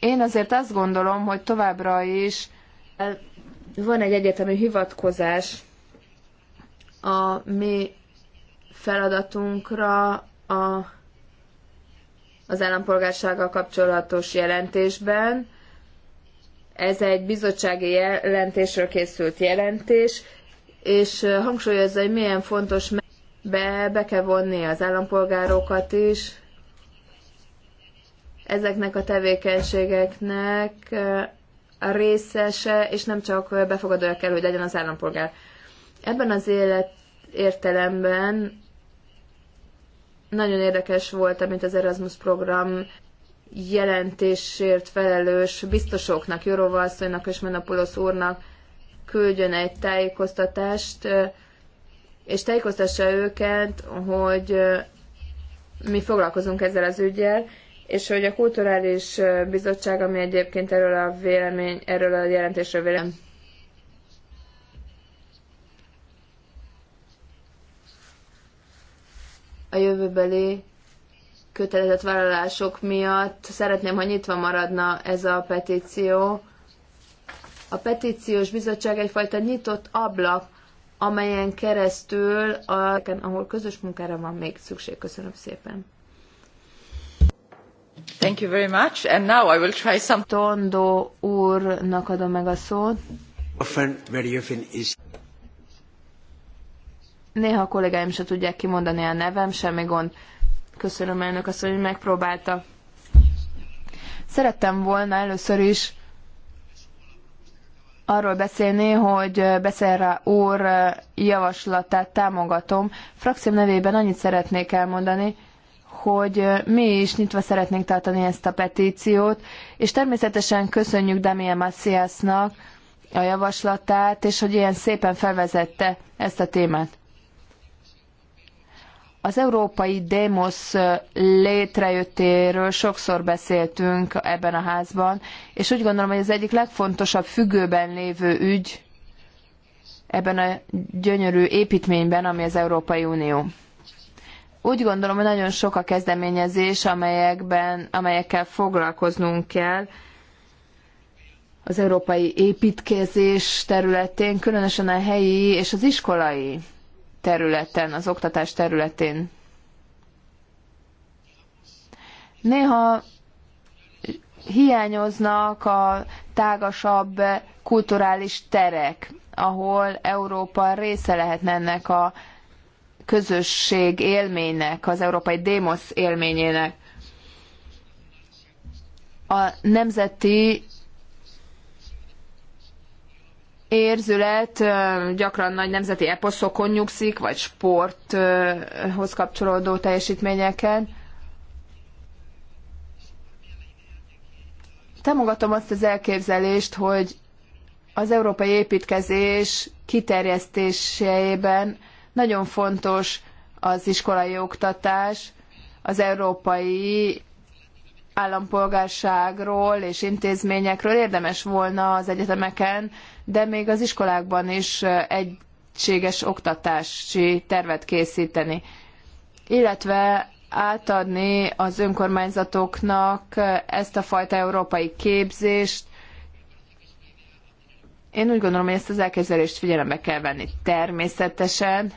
Én azért azt gondolom, hogy továbbra is van egy egyetemi hivatkozás a mi feladatunkra a, az állampolgársággal kapcsolatos jelentésben. Ez egy bizottsági jelentésről készült jelentés, és hangsúlyozza, hogy milyen fontos, be, be kell vonni az állampolgárokat is, ezeknek a tevékenységeknek a részese, és nem csak befogadója kell, hogy legyen az állampolgár. Ebben az élet értelemben nagyon érdekes volt, amit az Erasmus program jelentésért felelős biztosoknak, Jorovalszonynak és Menopolosz úrnak küldjön egy tájékoztatást, és tájékoztassa őket, hogy mi foglalkozunk ezzel az ügyel, és hogy a Kulturális Bizottság, ami egyébként erről a, vélemény, erről a jelentésről vélem. a jövőbeli kötelezett vállalások miatt szeretném, ha nyitva maradna ez a petíció. A petíciós bizottság egyfajta nyitott ablak, amelyen keresztül, a, ahol közös munkára van még szükség. Köszönöm szépen. Thank you very much, and now I will try some... Tondo úrnak adom meg a szót. Often, very often is... Néha a kollégáim se tudják kimondani a nevem, semmi gond. Köszönöm elnök azt, hogy megpróbálta. Szerettem volna először is arról beszélni, hogy Beszerra úr javaslatát támogatom. Frakcióm nevében annyit szeretnék elmondani, hogy mi is nyitva szeretnénk tartani ezt a petíciót, és természetesen köszönjük Damien Massiasnak a javaslatát, és hogy ilyen szépen felvezette ezt a témát. Az európai démosz létrejöttéről sokszor beszéltünk ebben a házban, és úgy gondolom, hogy az egyik legfontosabb függőben lévő ügy ebben a gyönyörű építményben, ami az Európai Unió. Úgy gondolom, hogy nagyon sok a kezdeményezés, amelyekben, amelyekkel foglalkoznunk kell az európai építkezés területén, különösen a helyi és az iskolai területen, az oktatás területén. Néha hiányoznak a tágasabb kulturális terek, ahol Európa része lehetne ennek a közösség élménynek, az európai démosz élményének. A nemzeti érzület gyakran nagy nemzeti eposzokon nyugszik, vagy sporthoz kapcsolódó teljesítményeken. Támogatom azt az elképzelést, hogy az európai építkezés kiterjesztésében nagyon fontos az iskolai oktatás, az európai állampolgárságról és intézményekről érdemes volna az egyetemeken de még az iskolákban is egységes oktatási tervet készíteni, illetve átadni az önkormányzatoknak ezt a fajta európai képzést. Én úgy gondolom, hogy ezt az elképzelést figyelembe kell venni. Természetesen